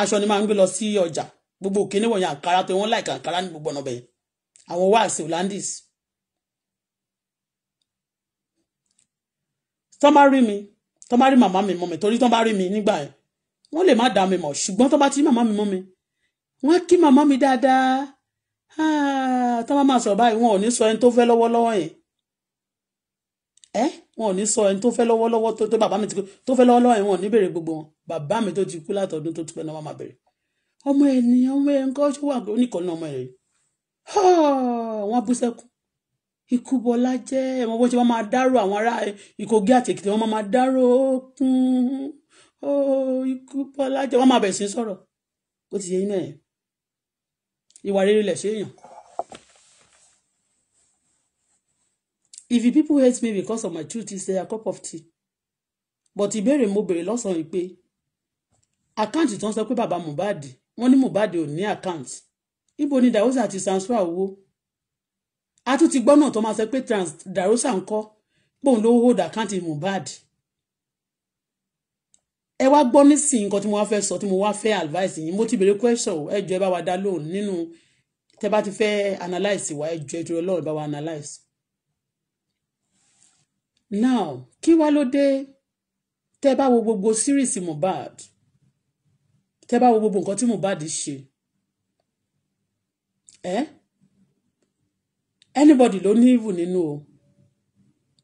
aṣọ ni máa ń gbé lọ sí ọjà gbogbo òkè níwọ̀nyẹn àkàrà tó wọ́n láìka àkàrà ní gbogbo ọ̀nà bẹ̀yẹn àwọn wáàsí Hollandis tọ́ bá rí mi tọ́ bá rí màmá mi mọ́ mi torí tọ́ bá rí mi nígbà yẹn wọ́n lè má dá mi mọ̀ ṣùgbọ́n tọ́ bá ti rí màmá mi mọ́ mi wọ́n kí màmá mi dáadáa ah, tọ́ bá máa sọ̀rọ̀ báyìí wọn ò ní sọ ẹni tó fẹ́ lọ́wọ́lọ́wọ́ yẹn ẹ wọn ò ní sọ ẹni tó fẹ́ lọ́wọ́lọ́wọ́ tó bàbá mi ti kú tó fẹ́ lọ́wọ́lọ́wọ́ yẹn wọn ò ní béèrè gbogbo wọn bàbá mi tó ti kú látọdún tó ti pẹ́ náà wọn máa ọmọ ẹ̀ ọmọ ẹ̀ kọ́ ṣó wà oníkan náà ọmọ ẹ̀ rẹ̀ bú sẹ́kù ikú bọlá jẹ́ bó ṣe máa dárò àwọn ará ìkógi àtẹkìtì wọn máa dárò kún ó ikú bọlá wọn máa bẹ̀ sí sọ̀rọ̀ ó ti yẹ iná ẹ̀ ìwà rere lẹ̀ ṣe èèyàn. if you people hate me because of my truth is a cup of tea but ìbéèrè mo béèrè lọ́sàn-án yìí pé àkáǹtì tó ń sọ pé bàbá Mohbad wọ́n ní Mohbad ò ní àkáǹtì ibo ni dàwọ́sà ti transfer owó a tún ti gbọ́nà tó máa sọ pé trans darosa ń kọ́ pòun ló hold account Mohbad ẹ wá gbọ́ nísìnyí nǹkan tí mo wá fẹ́ sọ tí mo wá fẹ́ advice yìí mo ti béèrè question ẹ jọ̀ọ́ ẹ bá wa dá lóhùn nínú tẹ bá ti fẹ́ analyse wa ẹ jọ̀ọ́ ẹ dúró lọ́rùn bá wa analyse. now kí wá ló dé tẹ bá wo gbogbo series Mohbad tẹ bá wo gbogbo nǹkan tí Mohbad ṣe ẹ. Eh? anybody ló ní evil nínú o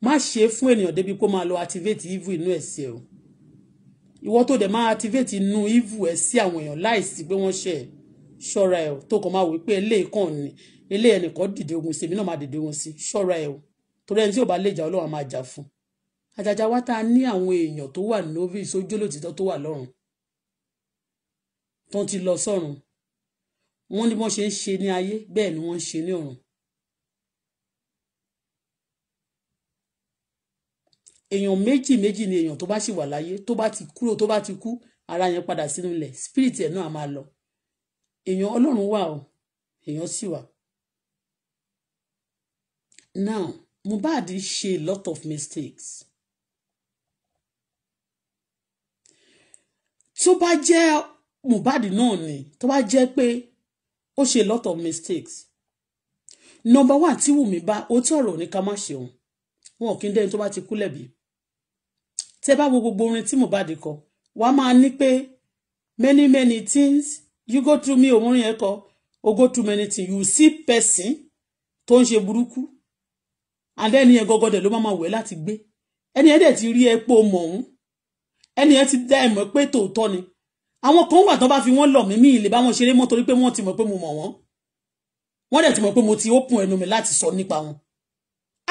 má ṣe fún ènìyàn débi kó máa lọ activate evil inú ẹ̀ sí o ìwọ tó dẹ̀ máa activate inú evil ẹ̀ sí àwọn èèyàn láìsí pé wọ́n ṣe ṣọ́ra ẹ̀ tó kàn máa wí pé eléyìí kàn ní eléyìí ẹnìkan dìde ogun sí èmi náà máa dìde ogun sí ṣọ́ra ẹ̀ o torí ẹni tí ò bá lè jà ọlọ́run máa jà fún àjàjà wa tá a ní àwọn èèyàn tó wà novice ojúlòtítọ́ tó wà lọ́run tó ti lọ sọ́run wọ́n ní wọ́n ṣe ń ṣe ní ayé bẹ́ẹ̀ ni wọ́n ń ṣe ní ọ̀run èèyàn méjì méjì ni èèyàn tó bá sì wà láyé tó bá ti kúrò tó bá ti kú ara yẹn padà sínú ilẹ̀ spirit ẹ̀ náà á máa lọ èèyàn ọlọ́run wà o èèyàn sì wà. now Mohbad ṣe a lot of mistakes. tó bá jẹ́ Mohbad náà ni tó bá jẹ́ pé ó ṣe a lot of mistakes number one tí wùmí bá ó tọrọ ní ká má ṣeun wọn ò kí ń dẹ́ni tó bá ti kú lẹ́bi tẹ́ bá wo gbogbo orin tí Mohbad kọ wàá máa ní pé many many things you go through me òun yẹn kọ o go through many things you see person tó ń ṣe burúkú and ẹni yẹn gọgọdẹ ló máa wẹ̀ láti gbé ẹni yẹn dẹ̀ ti rí epo mọ̀ ọ́n ẹni yẹn ti dá ẹ̀mọ́ pé tòótọ́ ni àwọn kan wà tó bá fi wọ́n lọ̀ mí mí ìlè bá wọn ṣeré mọ́ torí pé wọ́n ti mọ̀ pé mo mọ̀ wọ́n wọ́n dẹ̀ ti mọ̀ pé mo ti open ẹnu mi láti sọ nípa wọn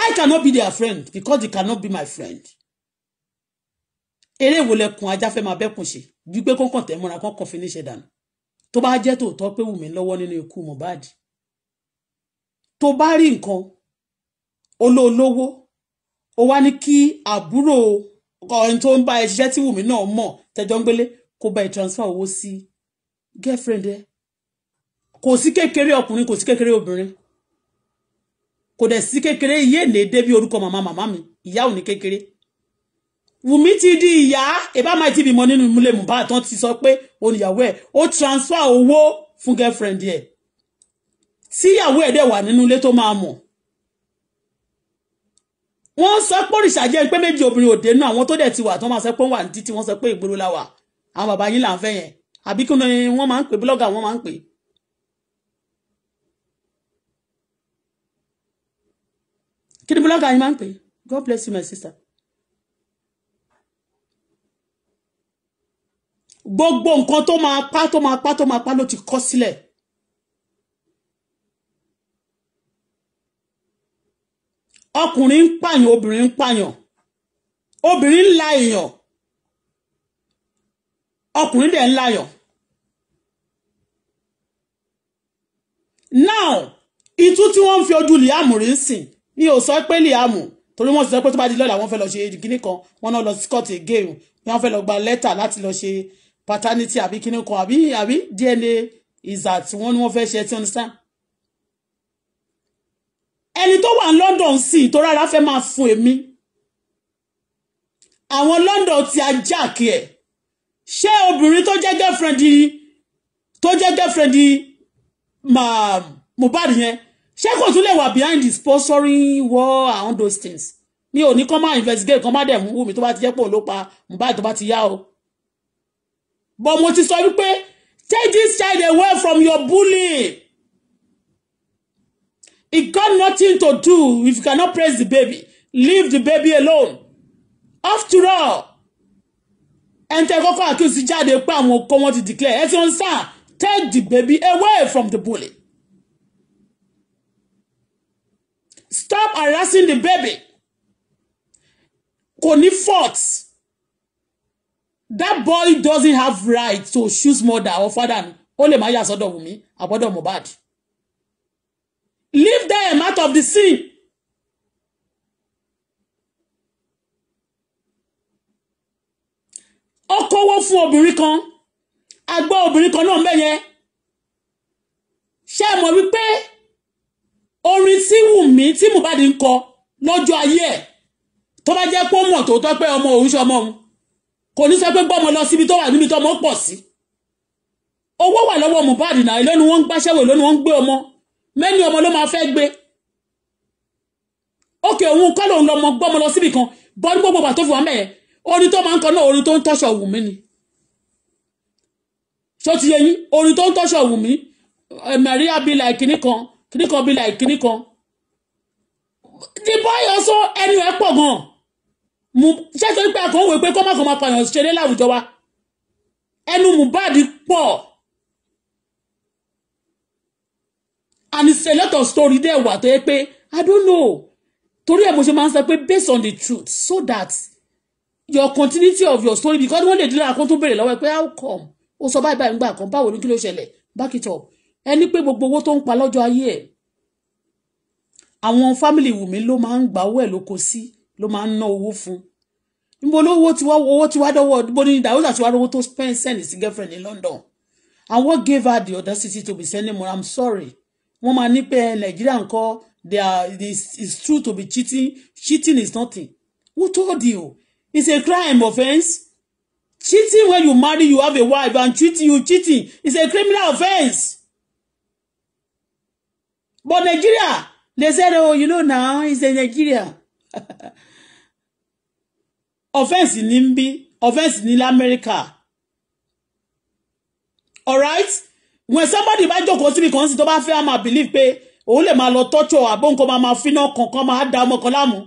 I cannot be their friend because they cannot be my friend eré wo lẹkùn ajá fẹ́ máa bẹ́kùn ṣe ju pé kọ́ńkàn tẹ̀ mọ́ra kọ́ńkàn fi níṣẹ́ dànù tó bá jẹ́ tòótọ́ pé Wùmí lọ́wọ́ nínú ikú Mohbad tó bá rí nǹkan olóolówó ó wá ní kí àbúrò ọ̀rìn tó ń bá ẹ ṣiṣẹ́ tí Wùmí náà mọ̀ tẹjọ́ ń gbélé kó bá ẹ transfer owó sí girlfriend ẹ kò sí kékeré ọkùnrin kò sí kékeré obìnrin kò dẹ̀ sí kékeré iye èlé débi orúkọ màmá màmá mi ìyá ò ní kékeré wùmí ti di ìyá èbá máa ti bímọ nínú ilé Mohbad tán ti sọ pé oníyàwó ẹ̀ ó transfer owó fún girlfriend ẹ̀ síyàwó ẹ̀ dẹ̀ wà nínú ilé tó máa mọ̀ wọ́n sọ pé òrìṣà jẹ́ pé méjì obìnrin òde náà àwọn tó dẹ̀ ti wà tó máa sọ pé wà ní títí wọ́n sọ pé ìgboro la wà àwọn bàbá yín là ń fẹ́ yẹn àbí kí wọ́n máa ń pè blogger wọ́n máa ń pè. kí ni blogger yín máa ń pè God bless you my sister. gbogbo nǹkan tó máa pa tó máa pa tó máa pa ló ti kọ sílẹ̀. ọkùnrin ń pààyàn obìnrin ń pààyàn obìnrin ń la èèyàn ọkùnrin dẹ̀ ń láyọ̀. now itú tí wọ́n ń fi ojú liamu rí sìn ni ò sọ pé liamu torí wọ́n sọ pé tó bá di lọ́la wọ́n fẹ́ lọ ṣe kíní kan wọ́n náà lọ sí court again wọ́n fẹ́ lọ gba lẹ́tà láti lọ ṣe paternity àbí kíní kan àbí àbí DNA is at wọ́n ní wọ́n fẹ́ ṣe ti understand. ẹni tó wà ní London sí i tó rárá fẹ́ máa fún èmi àwọn London ti ajá kí ẹ̀ ṣé obìnrin tó jẹ́ girlfriend tó jẹ́ girlfriend Mohbad yẹn ṣé kò tún lè wà behind the sponsoring war and all those things mi ò ní kọ́ máa investigate kọ́ máa dẹ̀ mú wùmí tó bá ti jẹ́ pé òun ló pa Mohbad tó bá ti yá o but mo ti sọ wípé take this child away from your bullying it got nothing to do if you cannot praise the baby leave the baby alone after all ẹni tẹ kọ́kọ́ àkíyèsí jáde pé àwọn ọkọ wọn ti declare ẹ ti wọn sá take the baby away from the bully stop harassing the baby kò ní fault that boy doesn't have right to choose mother or father ó lè má yà sọ́dọ̀ Wùmí àbọ́dọ̀ Mohbad leave them out of the scene. ó kówó fún obìnrin kan agbọ́ obìnrin kan náà mẹ́yẹn ṣé ẹ mọ̀ wípé orin tí Wùmí tí Mohbad ń kọ lọ́jọ́ ayé ẹ̀ tó bá jẹ́ pé ó mọ̀ to pé ọmọ òun ṣe ọmọ òun kò ní sọ pé gbọ́mọ lọ síbi tó wà níbi tó ọmọ pọ̀ sí owó wà lọ́wọ́ Mohbad náà lónìí wọ́n ń gbàṣẹ́wò lónìí wọ́n ń gbé ọmọ mẹ́ni ọmọ ló máa fẹ́ gbé ókè òun kọ́ lòun lọ́mọ gbọ́mọ lọ síbi kan bọ́ọ̀lù gbogbo bàtó fún wa mẹ́ẹ̀ orin tó máa ń kọ náà orin tó ń tọ́ṣọ̀ wù mí ni ṣó ti yẹ yín orin tó ń tọ́ṣọ̀ wù mí eh, Maria be like kinní kan kinní kan be like kinní kan the boy also ẹnu ẹ pọ̀ gan-an mú ṣé torí pé akọ̀ wò pé kọ́ máa kọ́ máa pààyàn ṣeré láwùjọ wa ẹnu Mohbad pọ̀ and it's a lot of story there. wà tó yẹ pé I don't know torí ẹ̀ mo ṣe máa ń sọ pé based on the truth so that your continuity of your story because wọ́n lè dín lára kan tó béèrè lọ́wọ́ ẹ pé how come ó sọ báyìí báyìí nígbà kan báwo ni kí ló ṣẹlẹ̀ back it up ẹni pé gbogbo owó tó ń pa lọ́jọ́ ayé ẹ̀ àwọn fámìlì Wùmí ló máa ń gbà owó ẹ̀ lóko sí ló máa ń ná owó fún níbo lówó tí wá owó tí wá dọ́wọ́ bó ní dàrúdà tí wá rówó tó spend send sí girlfriend ní London and what gave her the audacity to be sending more I'm sorry wọ́n máa ní pé eh, Nàìjíríà ńkọ́ they are this is true to be cheating cheating is nothing who told you it's a crime offence cheating when you marry you have a wife and cheating you cheating is a criminal offence but Nigeria they said oh you know now it's in Nigeria (laughs) offense ní ń bí offense ní lamẹ́ríkà alright when somebody bá jókòó síbi kan sí tó bá fẹ́ á máa believe pé òun lè máa lọ tọ́jú àbó nǹkan máa máa finá kankan máa da ọmọ kan láàmú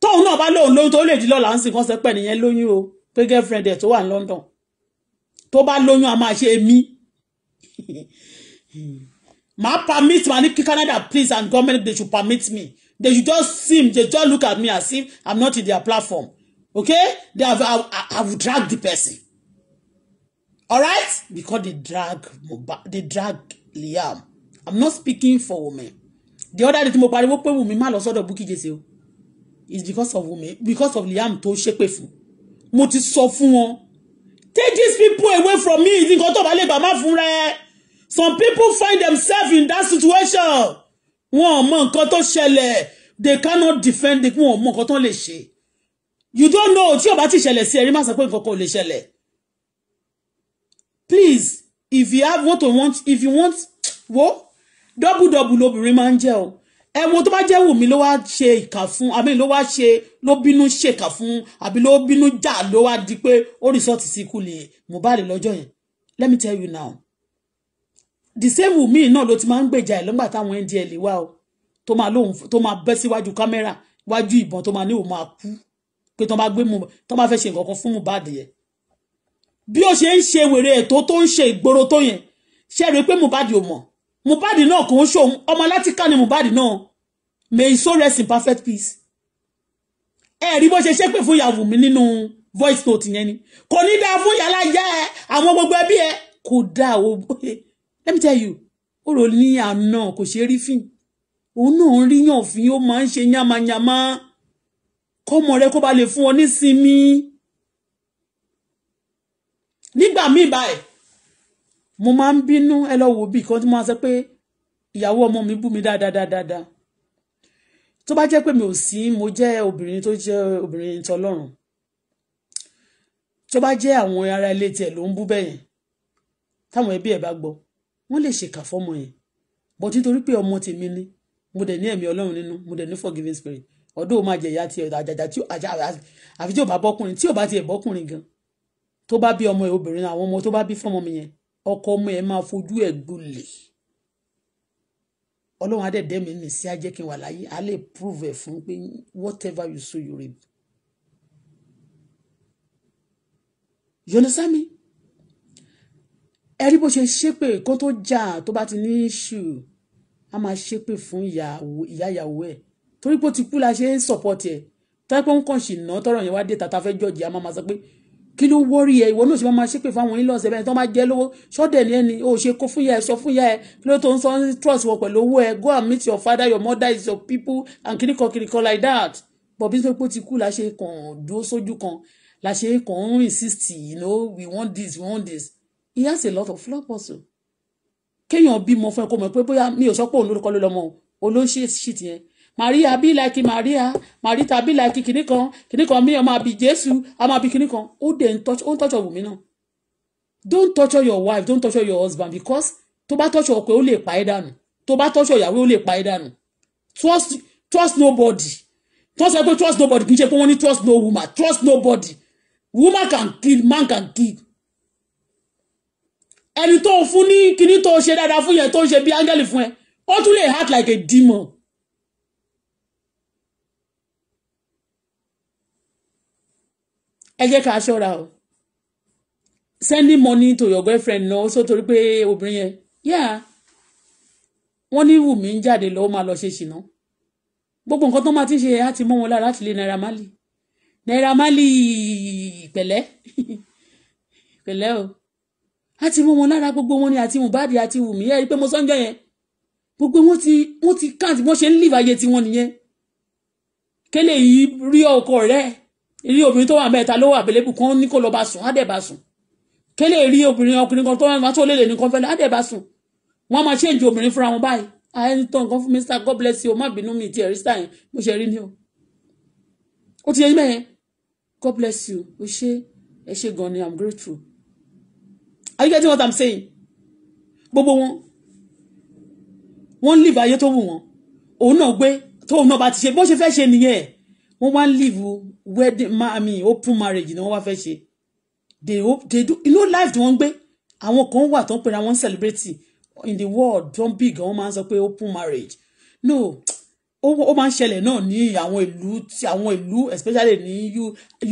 tóun náà bá lóun lóyún tó lè di lọ́la ń sìn kan sẹ́pẹ̀ nìyẹn lóyún o pé girlfriend ẹ̀ tó wà ní London tó bá lóyún a máa ṣe mí (laughs) màá permit màá ní kí Canada please and government they should permit me They should just seem, they just look at me as if I'm not in their platform. Okay? They have, I, I, I will drag the person. All right, Because they drag, they drag Liam. I'm not speaking for women. The other day tí mo pariwo pé Wùmí má lọ sọ́dọ̀ Bukky Jesse o. is because of Wùmí, because of Liam tó ṣépè fún. Mo ti sọ fún wọn. Take these people away from me. Nǹkan tó bá lè gbà má fún rẹ. Some people find themselves in that situation wọn ò mọ nǹkan tó ṣẹlẹ̀ they cannot defend the wọn ò mọ nǹkan tó lè ṣe you don't know tí ó bá ti ṣẹlẹ̀ sí ẹ̀rí má sọ pé nǹkan kan ò lè ṣẹlẹ̀ please if you have what you want if you want wo double double lobìnrin máa ń jẹ́ o ẹ̀wọ̀n tó bá jẹ́ Wùmí ló wá ṣe ìkà fún àbí ló wá ṣe ló bínú ṣèkà fún àbí ló bínú jà ló wá di pé ó rìsọ́ọ̀tì sí ikú ni Mohbad lọ́jọ́ yẹn let me tell you now the same Wùmí náà ló ti máa ń gbèjà ẹ̀ lọ́gbà táwọn ndl wà o tó máa lóhun tó máa bẹ́ síwájú kámẹ́rà wájú ìbọn tó máa ní òun máa kú pé tó máa gbé mu tó máa fẹ́ ṣe nǹkan kan fún Mohbad yẹn bí ó ṣe ń ṣe wèrè ètò tó ń ṣe ìgboro tó yẹn ṣe rè pé Mohbad ò mọ̀ Mohbad náà kò ń ṣòun ọmọ láti ká ni Mohbad náà may his soul rest in perfect peace ẹ rí bó ṣe ṣépè fún ìyàwó mi nínú voice note yẹn ni kò ní dáa fún ìyá alájà ẹ àwọn gbogbo ẹbí ẹ kò dáa o let me tell you ọ̀rọ̀ ní àná kò ṣe rí fín òun náà ń ríyàn fín ó máa ń ṣe yamayama kọ́mọ rẹ kó ba lè fún ọ nísinmi nígbà míì báyìí mo máa ń bínú ẹ lọ wò bí kan tí mo máa sọ pé ìyàwó ọmọ mi bú mi dáadáadáa tó bá jẹ́ pé mi ò sí mo jẹ́ obìnrin tó jẹ́ obìnrin tọlọ́run tó bá jẹ́ àwọn ará ilé tiẹ̀ ló ń bú bẹ́yẹn táwọn ẹbí ẹ̀ bá gbọ́ wọ́n lè ṣèkà fọ́mọ yẹn but nítorí pé ọmọ tèmi ni mo dẹ̀ ní ẹ̀mí ọlọ́run nínú mo dẹ̀ ní forgiving spirit ọdún òun máa jẹ ìyá tiẹ̀ àjàjà tí àfi tí ò bá bọ́kùnrin tí ò bá tiẹ̀ bọ́kùnrin gan tó bá bí ọmọ ẹ̀ obìnrin àwọn ọmọ tó bá bí fọ́mọ mi yẹn ọkọ ọmọ ẹ̀ máa fojú ẹ̀ gbolè ọlọ́run adẹ́dẹ́ mi nì sí ajẹ́ kí n wà láyé a lè prove ẹ̀ fún pé whatever you sow you reap you understand me ẹ rí bó ṣe ṣépè kó tó jà tó bá ti ní ṣù á máa ṣépè fún ìyá ìyàwó ẹ̀ torí pé ó ti kú la ṣe ń sọ̀pọ̀tì ẹ̀ tọ́pọ̀ ń kàn ṣì ná tọrọ yẹn wá dé tata fẹ́ jọ̀jì á máa máa sọ pé kí ló wọ́rí ẹ ìwọ náà ṣe máa ṣépè fáwọn yín lọ́sẹ̀ bẹ́ẹ̀ tó máa jẹ́ lówó ṣọ́dẹ̀ ni ẹni o ṣe kó fún ya ẹ sọ fún ya ẹ kí ló tó ń sọ ń trust wọn pẹ̀lú owó ẹ go and meet your father your mother is your people and kìnnìkan kìnnìkan like that but bí sọ́pọ̀ ti kú la ṣe kàn dúró sójú kan la ṣe kàn ń insist you know we want this we want this he has a lot of flop also kéèyàn bímọ fún ẹ kó mọ̀ pé bóyá mi ò sọ pé òun lórúkọ ló lọmọ o olóṣè shit yẹn maria bí like maria marita bí like kìnnì kan kìnnì kan mi ọmọ àbí jésù ọmọ àbí kìnnì kan ó dé ó ń tọ́jọ wùmí náà don't torture your wife don't torture your husband because tó bá tọ́jọ ọkọ ó lè pa ẹ́ dànù tó bá tọ́jọ ìyàwó ó lè pa ẹ́ dànù trust trust nobody tó sọ pé trust nobody kì í ṣe pé wọ́n ní trust no woman trust nobody woman can kill man can kill ẹni tó fún ní kíní tó ṣe dáadáa fún yẹn tó ṣe bí áńgẹ́lì fún ẹ ó tún lè act like a demon. ẹ jẹ́ ká ṣọ́ra o sending money to your girlfriend náà ṣó torí pé obìnrin yẹn yeah wọ́n ní Wùmí ń jáde lọ́wọ́ máa lọ ṣe ṣìnà gbogbo nǹkan tó máa ti ṣe á ti mọ́ wọn lára láti lé Naira Marley Naira Marley pẹ̀lẹ́ (laughs) pẹ̀lẹ́ o a ti mú wọn lára gbogbo wọn ni àti Mohbad àti Wùmí ẹ rí i pé mo sọ́njọ́ yẹn gbogbo wọn ti wọn ti káàtì wọn ṣe ń lìfà ayé tiwọn nìyẹn kélé yìí rí ọkọ rẹ rí obìnrin tó wà mẹ́ta ló wà àbẹ̀lẹ́bù kan ní kó lọ bá sùn á dẹ̀ bá sùn kélé rí obìnrin ọkùnrin kan tó wà tó lè lè nìkan fẹ́lẹ́ á dẹ̀ sùn wọ́n máa ṣe ìjọ obìnrin fúnra wọn báyìí ẹni tó nǹkan fún Mr. God bless you má bínú mi ti ẹ̀rí sáà yẹn mo ṣe rí ni o ó ti yẹ mẹ́yẹn God bless you o ṣé ẹ ṣé gan ni I'm grateful are you getting what i'm saying gbogbo wọn wọn live ayé tó wù wọn òun náà gbé tóun náà bá ti ṣe bó ṣe fẹ́ ṣe nìyẹn wọ́n wá live wedding ma i mean open marriage ni wọ́n wá fẹ́ ṣe they hope they do you know life tí wọ́n gbé àwọn kan wà tó ń pera wọn celebrate in the world tó big wọ́n máa ń sọ pé open marriage no ó máa ń ṣẹlẹ̀ náà ní àwọn ìlú ti àwọn ìlú especially ní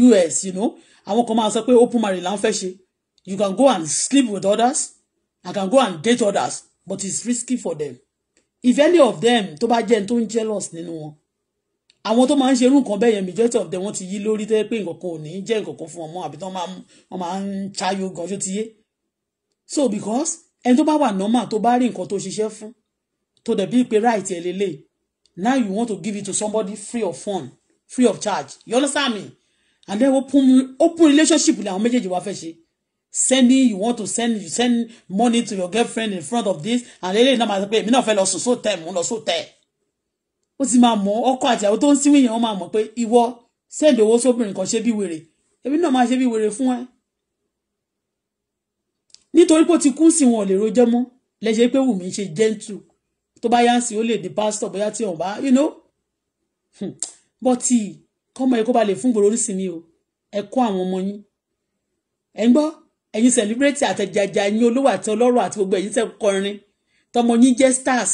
US you know àwọn kan máa sọ pé open marriage là ń fẹ́ ṣe You can go and sleep with others. I can go and date others. But it's risky for them. If any of them tó bá jẹ́ ẹni tó ń jealous nínú wọn. Àwọn tó máa ń ṣe irú nǹkan bẹ́ẹ̀ yẹn majority of them wọ́n ti yí lórí tó yẹ pé nǹkan kan ò ní jẹ́ nǹkan kan fún ọmọ àbí tó máa ń ṣáyó gan ṣó ti yé. So because ẹni tó bá wà normal tó bá rí nǹkan tó ṣiṣẹ́ fún tó dẹ̀ bí pé right ẹ̀ lélẹ̀ now you want to give it to somebody free of fun free of charge you understand me and then open open relationship ni àwọn méjèèjì wá fẹ́ ṣe sending you want to send you send money to your girlfriend in front of this and eléyìí náà máa sọ pé èmi náà fẹ́ lọ sùn sóòtẹ́ mò ń lọ sóòtẹ́ ó ti máa mọ ọkọ àti àwọn tó ń síwìn yẹn wọ́n máa mọ̀ pé ìwọ send owó sóbìnrin kan ṣe bí wèrè èmi náà máa ṣe bí wèrè fún ẹ nítorí pé ó ti kú sí wọn ò lè rojọ́ mọ́ lẹ́sẹ̀ pé Wùmí ṣe gentle tó bá yá sí O lè di pastor bóyá tí òun bá you know hmm. bọ́tì kọ́mọ ẹ kó ba lè fún gbòòrò nísìnyí o ẹ kó àwọn ọmọ yín ẹ ń gbọ́ ẹ̀yin celebrate àtẹ̀jàjà ẹ̀yin olówó àti ọlọ́rọ̀ àti gbogbo ẹ̀yin tẹ̀ kọrin tọmọ yín jẹ́ stars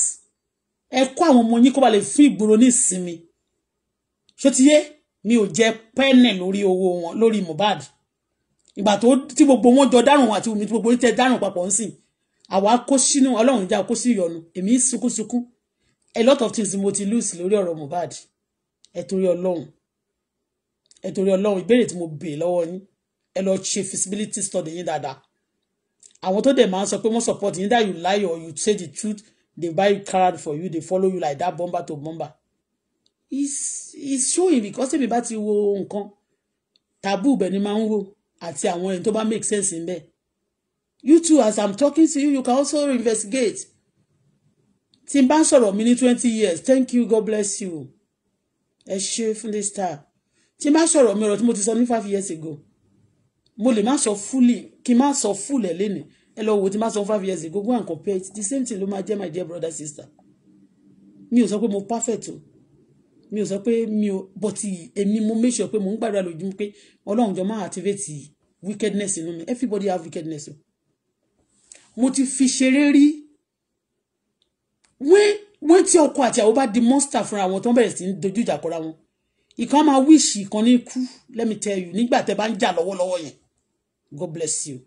ẹ kọ́ àwọn ọmọ yín kó ba lè fún ìgboro ní ìsinmi ṣó ti yé mi ò jẹ pẹ́ẹ́nẹ̀ lórí owó wọn lórí Mohbad ìgbà tó tí gbogbo wọn jọ dárùn àti omi tí gbogbo tẹ dárùn papọ̀ ń sìn àwa kó sínú ọlọ́run ìjà kó sí ìyọnu èmi sunkúnsunkún a lot of things mo ti lose lórí ọ̀rọ̀ Mohbad ẹ torí ọlọ́run ẹ torí ọlọ́run ìbéèrè tí mo bèè lọ́wọ́ yín ẹ lọ ṣe feasibility study yín dáadáa àwọn tó dẹ̀ máa ń sọ pé wọ́n support yín that you lie or you say the truth they buy carrot for you they follow you like that bomber to bomber it's it's showing because tèmi bá ti wo nǹkan taboo bẹ̀ ni máa ń wò àti àwọn ẹni tó bá make sense ń bẹ̀ you too as i'm talking to you you can also investigate tí n bá ń sọ̀rọ̀ mi ní twenty years thank you god bless you ẹ ṣe fún this time tí n bá sọ̀rọ̀ mi ọ̀rọ̀ tí mo ti sọ ní five years ago mo lè má sọ fully kí n má sọ full ẹ̀ lénìí ẹ lọ wo tí n bá sọ five years ago go and compare it the same thing ló máa jẹ́ my dear brother sister mi ò sọ pé mo perfect o mi ò sọ pé mi ò but èmi mo make sure pé mo ń gbàdúrà lójú pé ọlọ́run jọ máa activate wickedness inú mi everybody have wickedness o mo ti fi ṣeré rí wẹ́n wẹ́n tí ọkọ àti àwọn bá di monster fúnra wọn tó ń bẹ̀rẹ̀ sí ní dojú ìjà kọra wọn ìkan máa wíṣì ìkan ní ikú let me tell you nígbà tẹ́ bá ń jà lọ́wọ́lọ́wọ́ yẹn God bless you.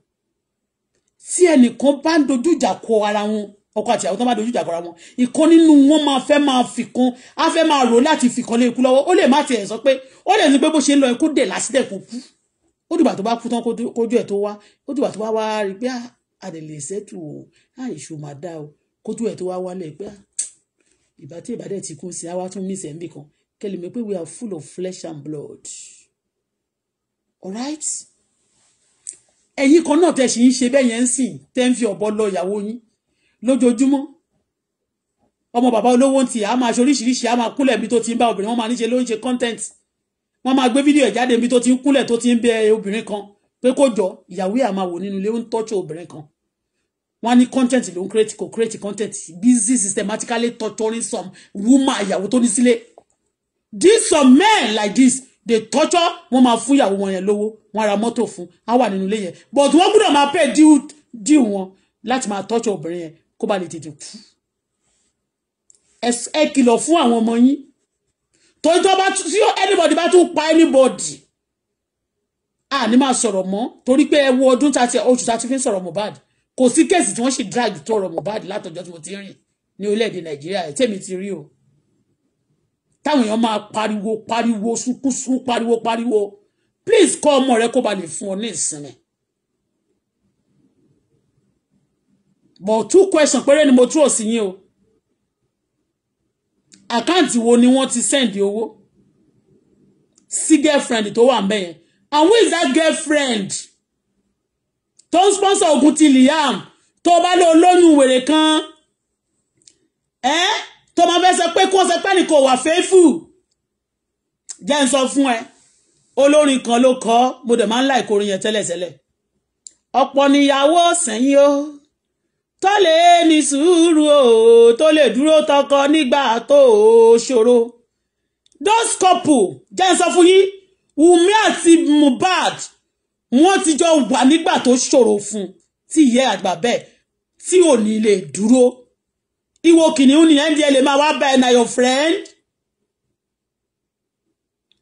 Tí ẹnìkan bá ń dojú ìjà kọ ara wọn, ọkọ àti ìyàwó tó bá dojú ìjà kọ ara wọn, ìkan nínú wọn máa fẹ́ máa fìkan, á fẹ́ máa rò láti fìkan lé ikú lọ́wọ́. Ó lè má tiẹ̀ sọ pé ó lè ní pé bó ṣe ń lọ ikú dẹ̀ lásìlẹ̀ kó kú. Ó dìgbà tó bá kú tán kójú ẹ̀ tó wá, ó dìgbà tó wá wá rí pé àdèlè ah, ṣẹ́tù o, àì ah, ṣò máa dá o, kójú ẹ̀ tó wá wálẹ̀ pé ah, ìbá tí ìbàdẹ̀ ti kú sí àwa tún mí sẹ́ńbì kan. Kẹ́lẹ̀ pé we are full of flesh and blood. All right? ẹ̀yin kan náà tẹ̀ sì ń ṣe bẹ́ẹ̀ yẹn ń sìn tẹ́ ń fi ọ̀bọ lọ ìyàwó yín lójoojúmọ́ ọmọ bàbá olówó ń tiẹ̀ á máa ṣe oríṣiríṣi á máa kúnlẹ̀ bí tó ti ń bá obìnrin wọn máa níṣe ló ń ṣe content wọn máa gbé fídíò ẹ̀ jáde bí tó ti ń kúnlẹ̀ tó ti ń bẹ obìnrin kan pé kó jọ ìyàwó ẹ̀ máa wò nínú ilé ó ń tọ́jú obìnrin kan wọn ní content ló ń create kò create content busy systematically torturing some woman ìyàwó tó ní sílé these some men like this they torture wọ́n máa fún ìyàwó wọn yẹn lówó wọ́n ra mọ́tò fún á wà nínú ilé yẹn but wọ́n gbọ́dọ̀ máa pay díù wọn láti máa torture obìnrin yẹn kó ba lè tètè kú ẹ kìlọ̀ fún àwọn ọmọ yín torí tó bá tí anybody bá tún pa anybody a ní máa sọ̀rọ̀ mọ́ torí pé ẹ wo ọdún tàti oṣù tàti fi ń sọ̀rọ̀ Mohbad kò sí kéèsì tí wọ́n sì drag tó ọ̀rọ̀ Mohbad látọjọ́ tí mo ti rìn ní orílẹ̀-èdè Nàìjíríà ẹ̀ tèmi ti rí o táwọn èèyàn máa pariwo pariwo sunkúnsún pariwo pariwo please kọ́ ọmọ rẹ kó ba lè fún ọ ní ìsinmi. but two questions péré ni mo tú òsì yín o àkáǹtì wo ni wọ́n ti send owó sí girlfriend tó wà mbẹ́ and who is that girlfriend tó ń sponsor ogun ti Liam tó bá lọ lóyún wèrè kan. Eh? tó máa fẹ́ sọ pé kó sọ pé nìkan wà fẹ́fù jẹ́ ń sọ fún ẹ olórin kan ló kọ mo dẹ̀ máa ń láì korin yẹn tẹ́lẹ̀tẹ́lẹ̀ ọ̀pọ̀ níyàwó sẹ́yìn o tó lè ní sùúrù o tó lè dúró tọkọ nígbà tó o ṣòro those couple jẹ́ ń sọ fún yín Wùmí àti Mohbad wọ́n ti jọ wà nígbà tó ṣòro fún tí ìyẹ́ àgbà bẹ́ẹ̀ tí ò ní lè dúró ìwọ kìnìún ni ndla máa wá bá ẹ na your friend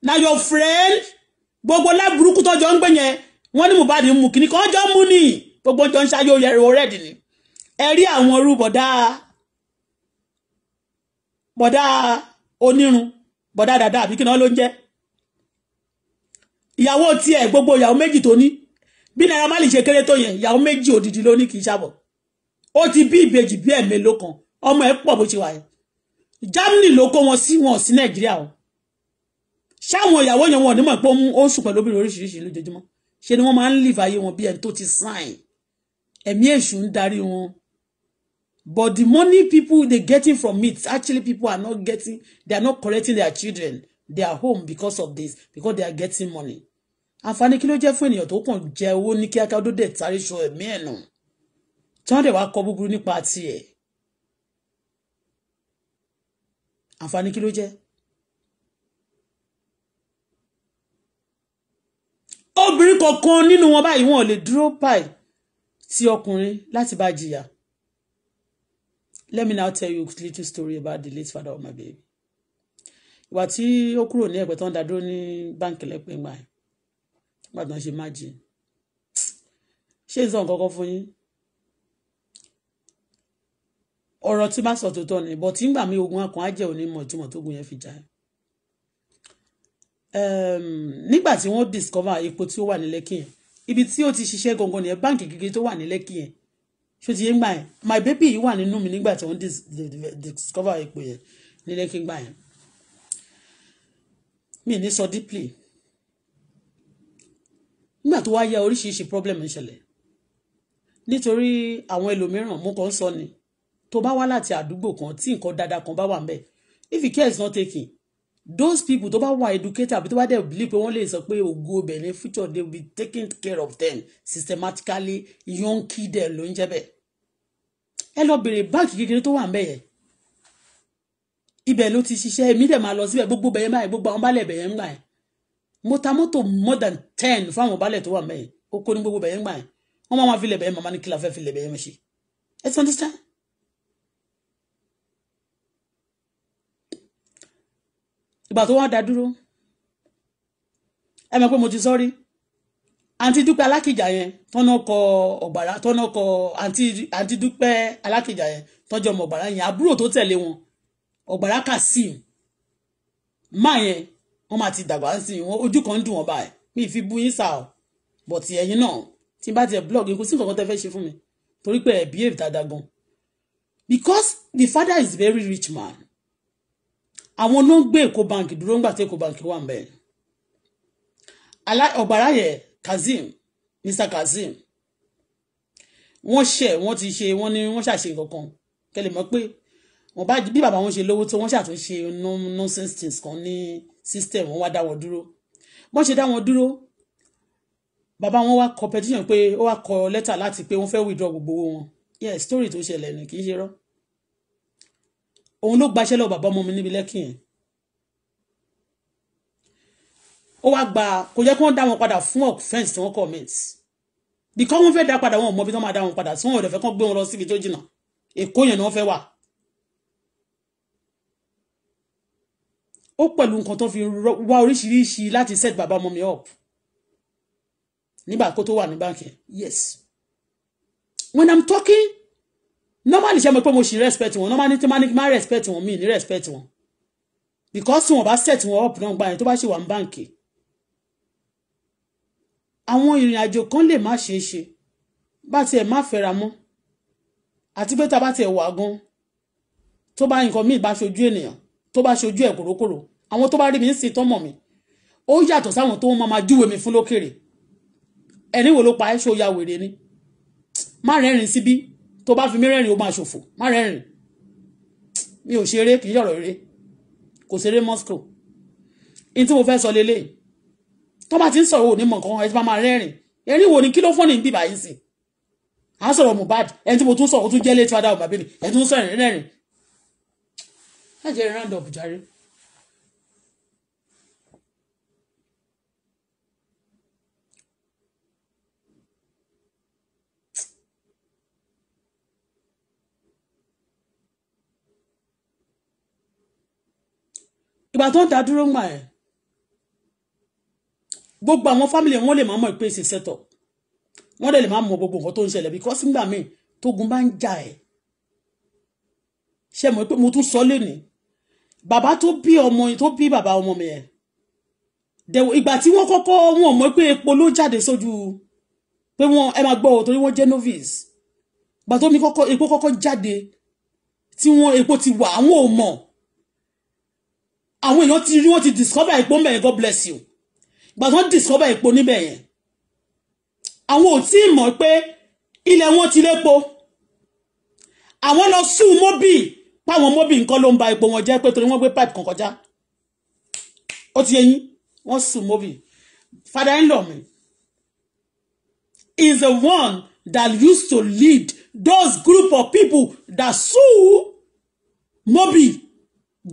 na your friend gbogbo láburúkú tọjọ ń gbẹ yẹn wọn ní Mohbad ń mu kìnì kan jọ mú ni gbogbo jọ ń ṣáájú ẹrọ rẹdì ni ẹ rí àwọn irú bọ̀dá bọ̀dá onírun bọ̀dá dàda àbí kí náà ló ń jẹ́ ìyàwó tiẹ̀ gbogbo ìyàwó méjì tó ní bí Naira Marley ṣe kéré tó yẹn ìyàwó méjì òdìdí ló ní kì í ṣàbọ̀ ó ti bí ìbejì bí ẹ̀mélòó kan ọmọ ẹ̀ pọ̀ bó ṣe wà yẹn Germany ló kó wọn sí wọn sí Nàìjíríà o ṣáwọn ìyàwó yẹn wọn ò ní mọ̀ pé ó ń sùn pẹ̀lú obìnrin oríṣiríṣi lójoojúmọ́ ṣe ni wọ́n máa ń live ayé wọn bí ẹni tó ti sign ẹ̀mí èṣù ń darí wọn but the money people dey getting from it actually people are not getting they are not correcting their children their home because of this because they are getting money àǹfààní kí ló jẹ́ fún ènìyàn tó kàn jẹ owó ní kíákíá ó dé tàrí ṣọ ẹ̀mí ẹ̀ nù tí wọ́n dẹ̀ wá kọ búburú nípa tiẹ̀ àǹfààní kí ló jẹ́ obìnrin kọ̀ọ̀kan nínú wọn báyìí wọn lè dúró báyìí ti ọkùnrin láti bá jìyà let me now tell you a little story about the late father of my baby ìwà tí ó kúrò ní ẹ̀pẹ́ tó ń dádúró ní báńkì lẹ́pẹ́ gbà yẹn gbàgbọ́n ṣe má jìn ṣé n sọ nǹkan kan fún yín ọ̀rọ̀ tí bá sọ tòótọ́ ni bọ̀ tí ń gbà mí ogun akàn á jẹ́ onímọ̀ ìtumọ̀ tó gun yẹn fi jà nígbà tí wọ́n discover epo tí ó wà ní Lẹ́kì yẹn ibi tí ó ti ṣiṣẹ́ gangan nìyẹn báǹkì kékeré tó wà ní Lẹ́kì yẹn ṣó ti yé gbà yẹn my baby yìí wà nínú mi nígbà tí wọ́n discover epo yẹn ní Lẹ́kì gbà yẹn mi ní sọ deeply nígbà tó wá yá oríṣiríṣi problem ń ṣẹlẹ̀ nítorí àwọn ẹlòmíràn mo kàn ń sọ ni tó bá wá láti àdúgbò kan tí nǹkan dáadáa kan bá wà ńbẹ̀ if the care is not taken those people tó bá wà educated àbí tó bá dẹ̀ believe pé wọ́n lè sọ pé ògo benin future they will be taken care of them systematically young kid ẹ̀ ló ń jẹ́ bẹ́ẹ̀ ẹ lọ bèrè báǹkì kékeré tó wà ńbẹ̀ yẹn ibẹ̀ ló ti ṣiṣẹ́ èmi dẹ̀ máa lọ síbẹ̀ gbogbo bẹ̀yẹn báyìí gbogbo àwọn bálẹ̀ bẹ̀yẹn ń gbà yẹn mo ta mọ́tò more than ten fáwọn bálẹ̀ tó wà mẹ́yìn ó kó ní gbogbo bẹ̀yẹn ń gbà yẹn wọ́n máa ma fi lẹ̀ bẹ̀yẹn màmá ní kí la fẹ́ fi lẹ̀ bẹ̀yẹn ṣe ẹ ti understand ìgbà tó wọ́n dá dúró ẹ mọ̀ pé mo ti sọ́rí àǹtí dúpẹ́ alákìjà yẹn tọ́nà kọ ọ̀gbàrá tọ́nà kọ àǹtí dúpẹ́ alákìjà yẹn tọ́jọ́ ọmọ ọ̀gbàrá yẹn àbúrò tó tẹ̀lé wọn ọ̀gbàrá Kasim má yẹn wọ́n máa ti dàgbà sí wọn ojú kan ń dùn wọ́n báyìí mi fi bú yín sá o but ẹ̀yin náà tí n bá tiẹ̀ blog kò sí nǹkan kan tẹ́ fẹ́ ṣe fún mi torí pé ẹ̀ behave dáadáa gan because the father is very rich man àwọn ló ń gbé èkó báǹkì dúró ńgbà tí èkó báǹkì wà ń bẹ̀ kazeem mr kazeem wọ́n ṣẹ̀ wọ́n ti ṣe wọ́n ní wọ́n ṣàṣe kankan kẹlẹ̀ mọ́ pé wọ́n bá bí bàbá wọn ṣe lówó tó wọ́n ṣàtúnṣe nonsense things kan ní system wọ́n wá dá wọn dúró wọ́n ṣe dá wọn dúró bàbá wọn wá kọ petition pé ó wá kọ lẹ́tà láti pé wọ́n fẹ́ withdraw gbogbo wọn yeah story tó ṣẹlẹ̀ ni kì í ṣe rọ́ òun ló gbaṣẹ́ lọ bàbá ọmọ mi níbi lẹ́kìn yẹn ó wá gba kò jẹ́ kí wọ́n dá wọn padà fún offence tí wọ́n commit because wọ́n fẹ́ dá padà wọn ò mọ bí wọ́n máa dá wọn padà tí wọ́n ò fẹ́ kán gbé wọn lọ síbi tó jìnnà Èkó yẹn ni wọ́n fẹ́ wà. ó pẹ̀lú nǹkan tó fi wá oríṣiríṣi láti set bàbá ọmọ mi up nígbà kó tó wà ní báńkì yes when i'm talking normally ṣe mo pé mo ṣì respect wọn normally tí máa má respect wọn mi ní respect wọn because wọn bá set wọn up náà gba ẹ̀ tó bá ṣe wà ní báǹkì àwọn ìrìn àjò kan lè má ṣeé ṣe bá tiẹ̀ má fẹ́ra mọ́ àti pé tá a bá tiẹ̀ wà gan tó bá nǹkan míì bá ṣojú ènìyàn tó bá ṣojú ẹ̀ kòrókòrò àwọn tó bá rí mi ń sin tọ́mọ̀ mi ó yàtọ̀ sáwọn tó máa máa júwe mi fún lókèrè ẹni wo ló pa ẹ́ ṣó ya wèrè ni má rẹ́rìn síbí tó bá fi mí rẹ́rìn ó máa ṣòfò má rẹ́rìn mi ò ṣeré kì í ṣọ̀rọ̀ eré kò ṣeré moscow in tí mo fẹ́ sọ lélẹ̀ tó bá ti ń sọ̀rọ̀ òní mọ̀ nǹkan ẹ ti bá máa rẹ́rìn ẹ̀rín wo ni kí ló fọ́nì ń bíbá yìí sìn à ń sọ̀rọ̀ Mohbad ẹni tí mo tún sọ̀rọ̀ tún jẹ́ létí fada ọ̀bàbí mi tún sọ̀rọ̀ rẹ́rìn ẹ̀ jẹ́ random jàre. ìgbà tó ń ta dúró ń gbà ẹ̀ gbogbo àwọn fámìlì wọn lè máa mọ̀ pé ṣe ṣẹtọ̀ wọ́n lè máa mọ̀ gbogbo nǹkan tó ń ṣẹlẹ̀ because nígbà míì tógun bá ń jà ẹ̀ ṣe mọ̀ pé mo tún sọ lónìí bàbá tó bí ọmọ tó bí bàbá ọmọ mi ẹ̀ dẹ̀wọ̀ ìgbà tí wọ́n kọ́kọ́ wọn mọ̀ pé epo ló jáde sójú pé wọ́n ẹ máa gbọ́ torí wọ́n jẹ́ novice gbà tó mi kọ́kọ́ epo kọ́kọ́ jáde tí wọ́n epo ti wà àwọn ò mọ̀ àwọn èèyàn ti rí wọ́n ti discover epo ń God bless you ìgbà tí wọ́n discover epo níbẹ̀ yẹn àwọn ò tí ì mọ̀ pé ilẹ̀ wọn ti lépo àwọn lọ sùn mọ́bì páwọn mọ́bì nǹkan ló ń ba epo wọn jẹ́ pé torí wọ́n gbé pipe kan kọjá ó ti yẹ yín wọ́n sùn mọ́bì father in law mi is the one that used to lead those group of people that sue Mobi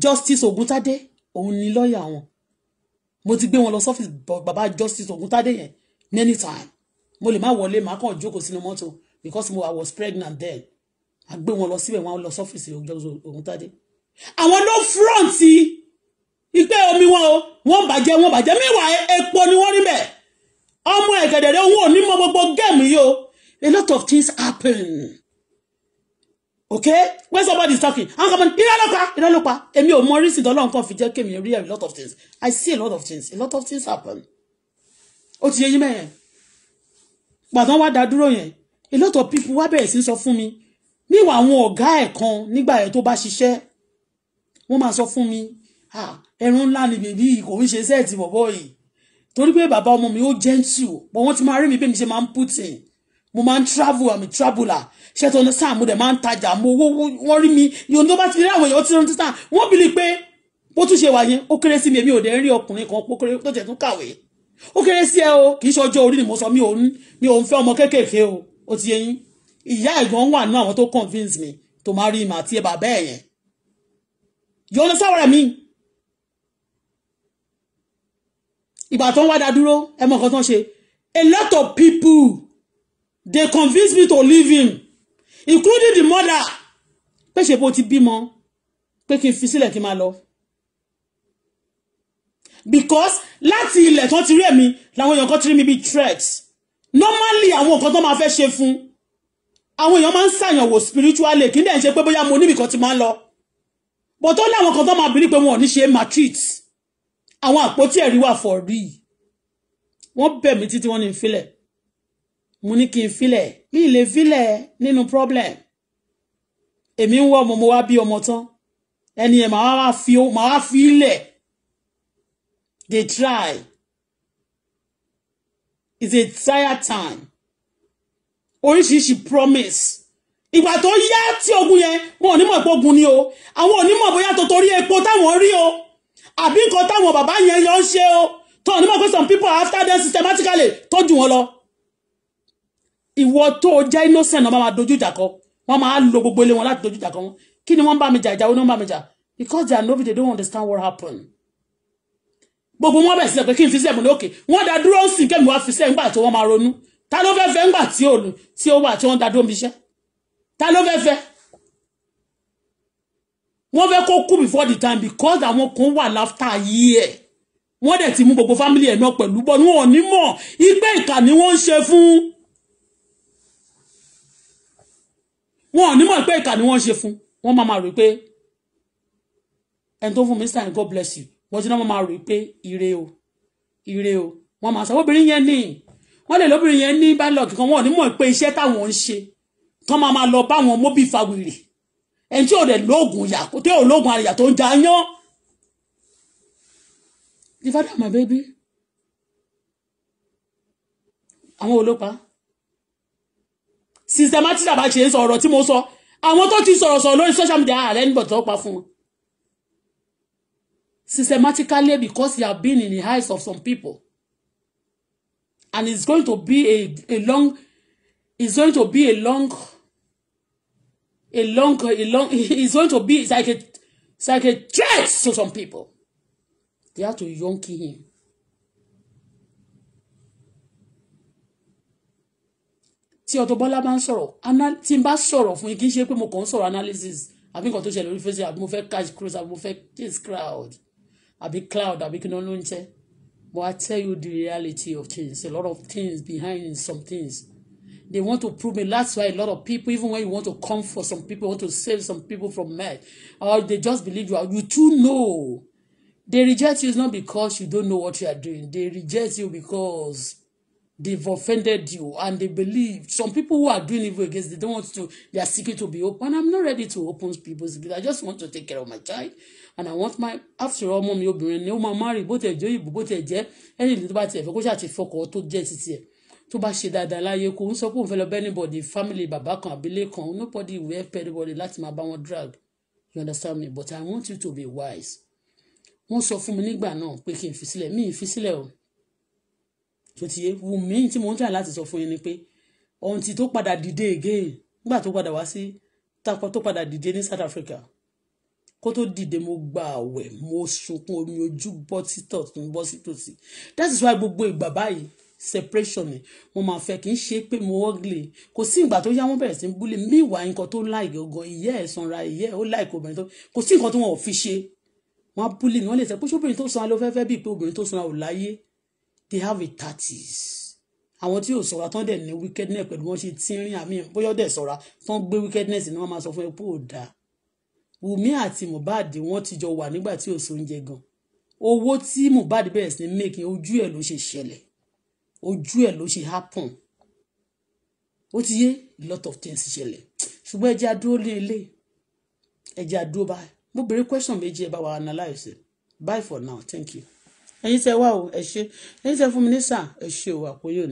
justice oguntade òun ni lọ́ọ̀yà wọn mo ti gbé wọn lọ sọ́fíìsì bàbá justice Ògúntádé yẹn ní anytime mo lè má wọlé màá kàn jókòó sínú mọ́tò because mo I was pregnant then a gbé wọn lọ síbẹ̀ wọn lọ sọ́fíìsì Ògúntádé àwọn ló fúrọ̀ǹtì ìpè omi wọn o wọn bàjẹ́ wọn bàjẹ́ meanwhile epo ni wọ́n rí bẹ̀ ọmọ ẹ̀gẹ̀dẹ̀rẹ̀ owó ò ní mọ gbogbo gẹ́ẹ̀mù yìí o a lot of things happen okay when somebody is talking i'm coming irọ́ ló pa irọ́ ló pa èmi ò mọ reason tọ́lọ́run kan fi jẹ́ kémi rí a lot of things i see a lot of things a lot of things happen ó ti yé yín mẹ́yẹn gbàtàn wá dá dúró yẹn a lot of people wá bẹ̀rẹ̀ sí so fún mi níwà àwọn ọ̀gá ẹ̀ kan nígbà yẹn tó bá ṣiṣẹ́ wọ́n máa sọ fún mi ẹ̀rù ńlá ni bèbí kò ń ṣe sẹ́ẹ̀tì bọ̀bọ̀ yìí torí pé bàbá ọmọ mi ó gentle but wọ́n ti máa rí mi bí mi ṣe máa ń put in mo máa ń travel àmì traveller ṣe tó ní sáà mo dẹ̀ máa ń tajà mo owó wọ́n rí mi yòóndó bá ti rí àwọn èèyàn tí wọ́n ti tà wọ́n bìlí pé bó tún ṣe wà yẹn ó kéré sí mi èmi ò dẹ̀ ń rí ọkùnrin kan pókéré tó jẹ̀ tún kàwé ó kéré sí ẹ o kì í ṣe ọjọ́ orí ni mo sọ mi ò ń mi ò ń fẹ́ ọmọ kéékèèké o ó ti yẹ yín ìyá ẹ̀gbọ́n wà nínú àwọn tó convince mi tó máa rí ìmọ̀ àti ẹ̀ bàbá ẹ̀ yẹn yọ̀ọ́ lọ sáwọ́rẹ̀ mi ìgbà tó ń wá dá dúró ẹ mọ nǹkan a lot of people they convince me to leave him including the mother pé ṣe bó ti bímọ pé kí n fi sílẹ̀ kí n máa lọ because láti ilẹ̀ tó ti rí èmi làwọn èèyàn kan ti rí mi bíi threat normally àwọn nǹkan tó máa fẹ́ ṣe fún àwọn èèyàn máa ń ṣàyànwò spiritually kí n dẹ̀ ṣe pé bóyá mo níbi kan ti máa ń lọ bó tó láwọn kan tó máa bìrì pé wọn ò ní ṣe matrix àwọn àpótí ẹ̀rí wà for real wọ́n bẹ̀ mí títí wọ́n ní n filẹ̀ mo ní kí n filẹ̀ mi ì lè filẹ̀ nínú problem èmi ń wọ ọmọ mo wá bí ọmọ tán ẹni ẹ̀ màá wá fi màá wá fi ilẹ̀ dey try it's a tired time oríṣiríṣi promise ìgbà tó yá tí ogun yẹn wọn ò ní mọ̀ pé ogun ni o àwọn ò ní mọ̀ bóyá torí epo táwọn rí o àbí nǹkan táwọn bàbá yẹn yọ ń ṣe o tó ò ní mọ̀ pé some people after them systematically tọ́jú wọn lọ ìwọ tó jẹ́ innocent náà máa dojú ìjà kọ wọ́n máa lo gbogbo ilé wọn láti dojú ìjà kọ wọn kí ni wọ́n bá mi jà ìjà wọn ni wọ́n bá mi jà because they are nobody they don't understand what happened gbogbo wọn bẹ̀rẹ̀ sílẹ̀ pé kí n fi sẹ́mu ní òkè wọ́n dá dúró sí kẹ́mi wá fi sẹ́mu nígbà tí wọ́n máa ronú ta ló fẹ́ fẹ́ ńgbà tí ó tí ó wà tí wọ́n dá dúró níbi iṣẹ́ ta ló fẹ́ fẹ́ wọ́n fẹ́ kó kú before the time because àwọn kan wà láftà yìí ẹ̀ wọ́n dẹ̀ ti mú gbogbo family ẹ̀ náà pẹ̀lú bọ́ ni wọn ò ní mọ̀ ìgbẹ́ ìkà ni wọ́n ń ṣe fún wọn ò ní mọ̀ pé ìkà ni wọ́n ṣe fún wọn máa máa rò pé ẹni tó fún mr god bless you wọ́n ti náà máa rò pé ire o ire o wọ́n máa sọ obìnrin yẹn ní wọ́n lè lóbìnrin yẹn ní bálọ̀kì kan wọn ò ní mọ̀ pé iṣẹ́ táwọn ń ṣe tán máa máa lọ bá wọn mọ́bí fawèrè ẹni tí ò dẹ̀ lóògùn yà tí ò lóògùn àyà tó ń da yán. the father my baby àwọn olópa systematic àbá ṣe ń sọ ọ̀rọ̀ tí mo sọ àwọn tó ti sọ̀rọ̀ sọ̀rọ̀ lórí social media ààrẹ nígbà tó pa fún wọn systematically because you have been in the eyes of some people and it's going to be a a long it's going to be a long a long a long (laughs) it's going to be it's like a it's like a threat to some people they have to yonki him tí Auto Bola bá ń sọ̀rọ̀ tí n bá sọ̀rọ̀ fún yín kì í ṣe pé mo kàn ń sọ̀rọ̀ analysis àbí nǹkan tó ṣẹlẹ̀ lórí Facebook àbí mo fẹ́ cash cruise àbí mo fẹ́ chase crowd àbí cloud àbí kí ni wọ́n ló ń jẹ́ but I tell you the reality of things a lot of things behind some things they want to prove me that's why a lot of people even when you want to come for some people want to save some people from mad or they just believe you are you too know they reject you not because you don't know what you are doing they reject you because they've offended you and they believe some people who are doing evil against they don't want to they are seeking to be open i'm not ready to open people's gate i just want to take care of my child and i want my after all ọmọ mi obìnrin ni ó máa marry bó tẹ̀ jẹ́ òyìnbó bó tẹ̀ jẹ́ ẹni tó bá tiẹ̀ fẹ́ kó ṣàti fọkọ̀ tó jẹ́ títí ẹ̀ tó bá ṣe dáadáa láyé kó ń sọ pé òun fẹ́ lọ bẹ́ẹ̀ anybody family Baba kan àbílẹ̀ kan nobody will help anybody láti máa bá wọn drag you understand me but i want you to be wise wọ́n sọ fún mi nígbà náà pé kí n fi sílẹ̀ mí ì fi sílẹ̀ o tó ti yé Wùmí tí mò ń tà láti sọ fún yín ni pé ohun ti tó padà dìde again nígbà tó padà wá sí takọ tó padà dìde ní South Africa kó tó dìde mo gba àwẹ̀ mo sunkún omi ojú bọ́ títọ̀ tó bọ́ sí tòsí that is why gbogbo ìgbà báyìí separation ni mo máa fẹ́ kí n ṣe pé mo ugly kò sí ìgbà tó yá wọ́n bẹ̀rẹ̀ sí ń búlẹ̀ mí ìwà nǹkan tó láì gangan ìyẹ́ ẹ̀ sanra ìyẹ́ ẹ̀ ó láì kó obìnrin tó kò sí nǹkan tó wọn ò fi ṣe wọn á búlẹ̀ ni wọ́n lè sẹ́ pé ṣé obìnrin tó sanra ló fẹ́ fẹ́ bíi pé obìnrin tó sanra ò láyé they have a thirties àwọn tí ò ṣọ́ra tán dẹ̀ ní wickedness pẹ̀lú wọn ṣe tínrín àmì bóyá dẹ̀ ṣọ́ra tán gbé wickedness ni wọ́n máa sọ fún ẹ pé ò dáa Wùmí àti Mohbad wọ́n ti jọ wà nígbà tí ò sóúnjẹ gan owó tí Mohbad bẹ̀rẹ̀ sí ní make ojú ẹ̀ ló ṣe ṣẹlẹ̀ ojú ẹ̀ ló ṣe happen ó ti yé lot of things ṣẹlẹ̀ ṣùgbọ́n ẹja dúró ní ilé ẹja dúró báyìí mo béèrè question méjì ẹ bá wa analyse bye for now thank you ẹ̀yin tẹ́ wá o ẹ ṣé ẹ̀yin tẹ́ fún mi ní sà ẹ ṣé o àpòyè ò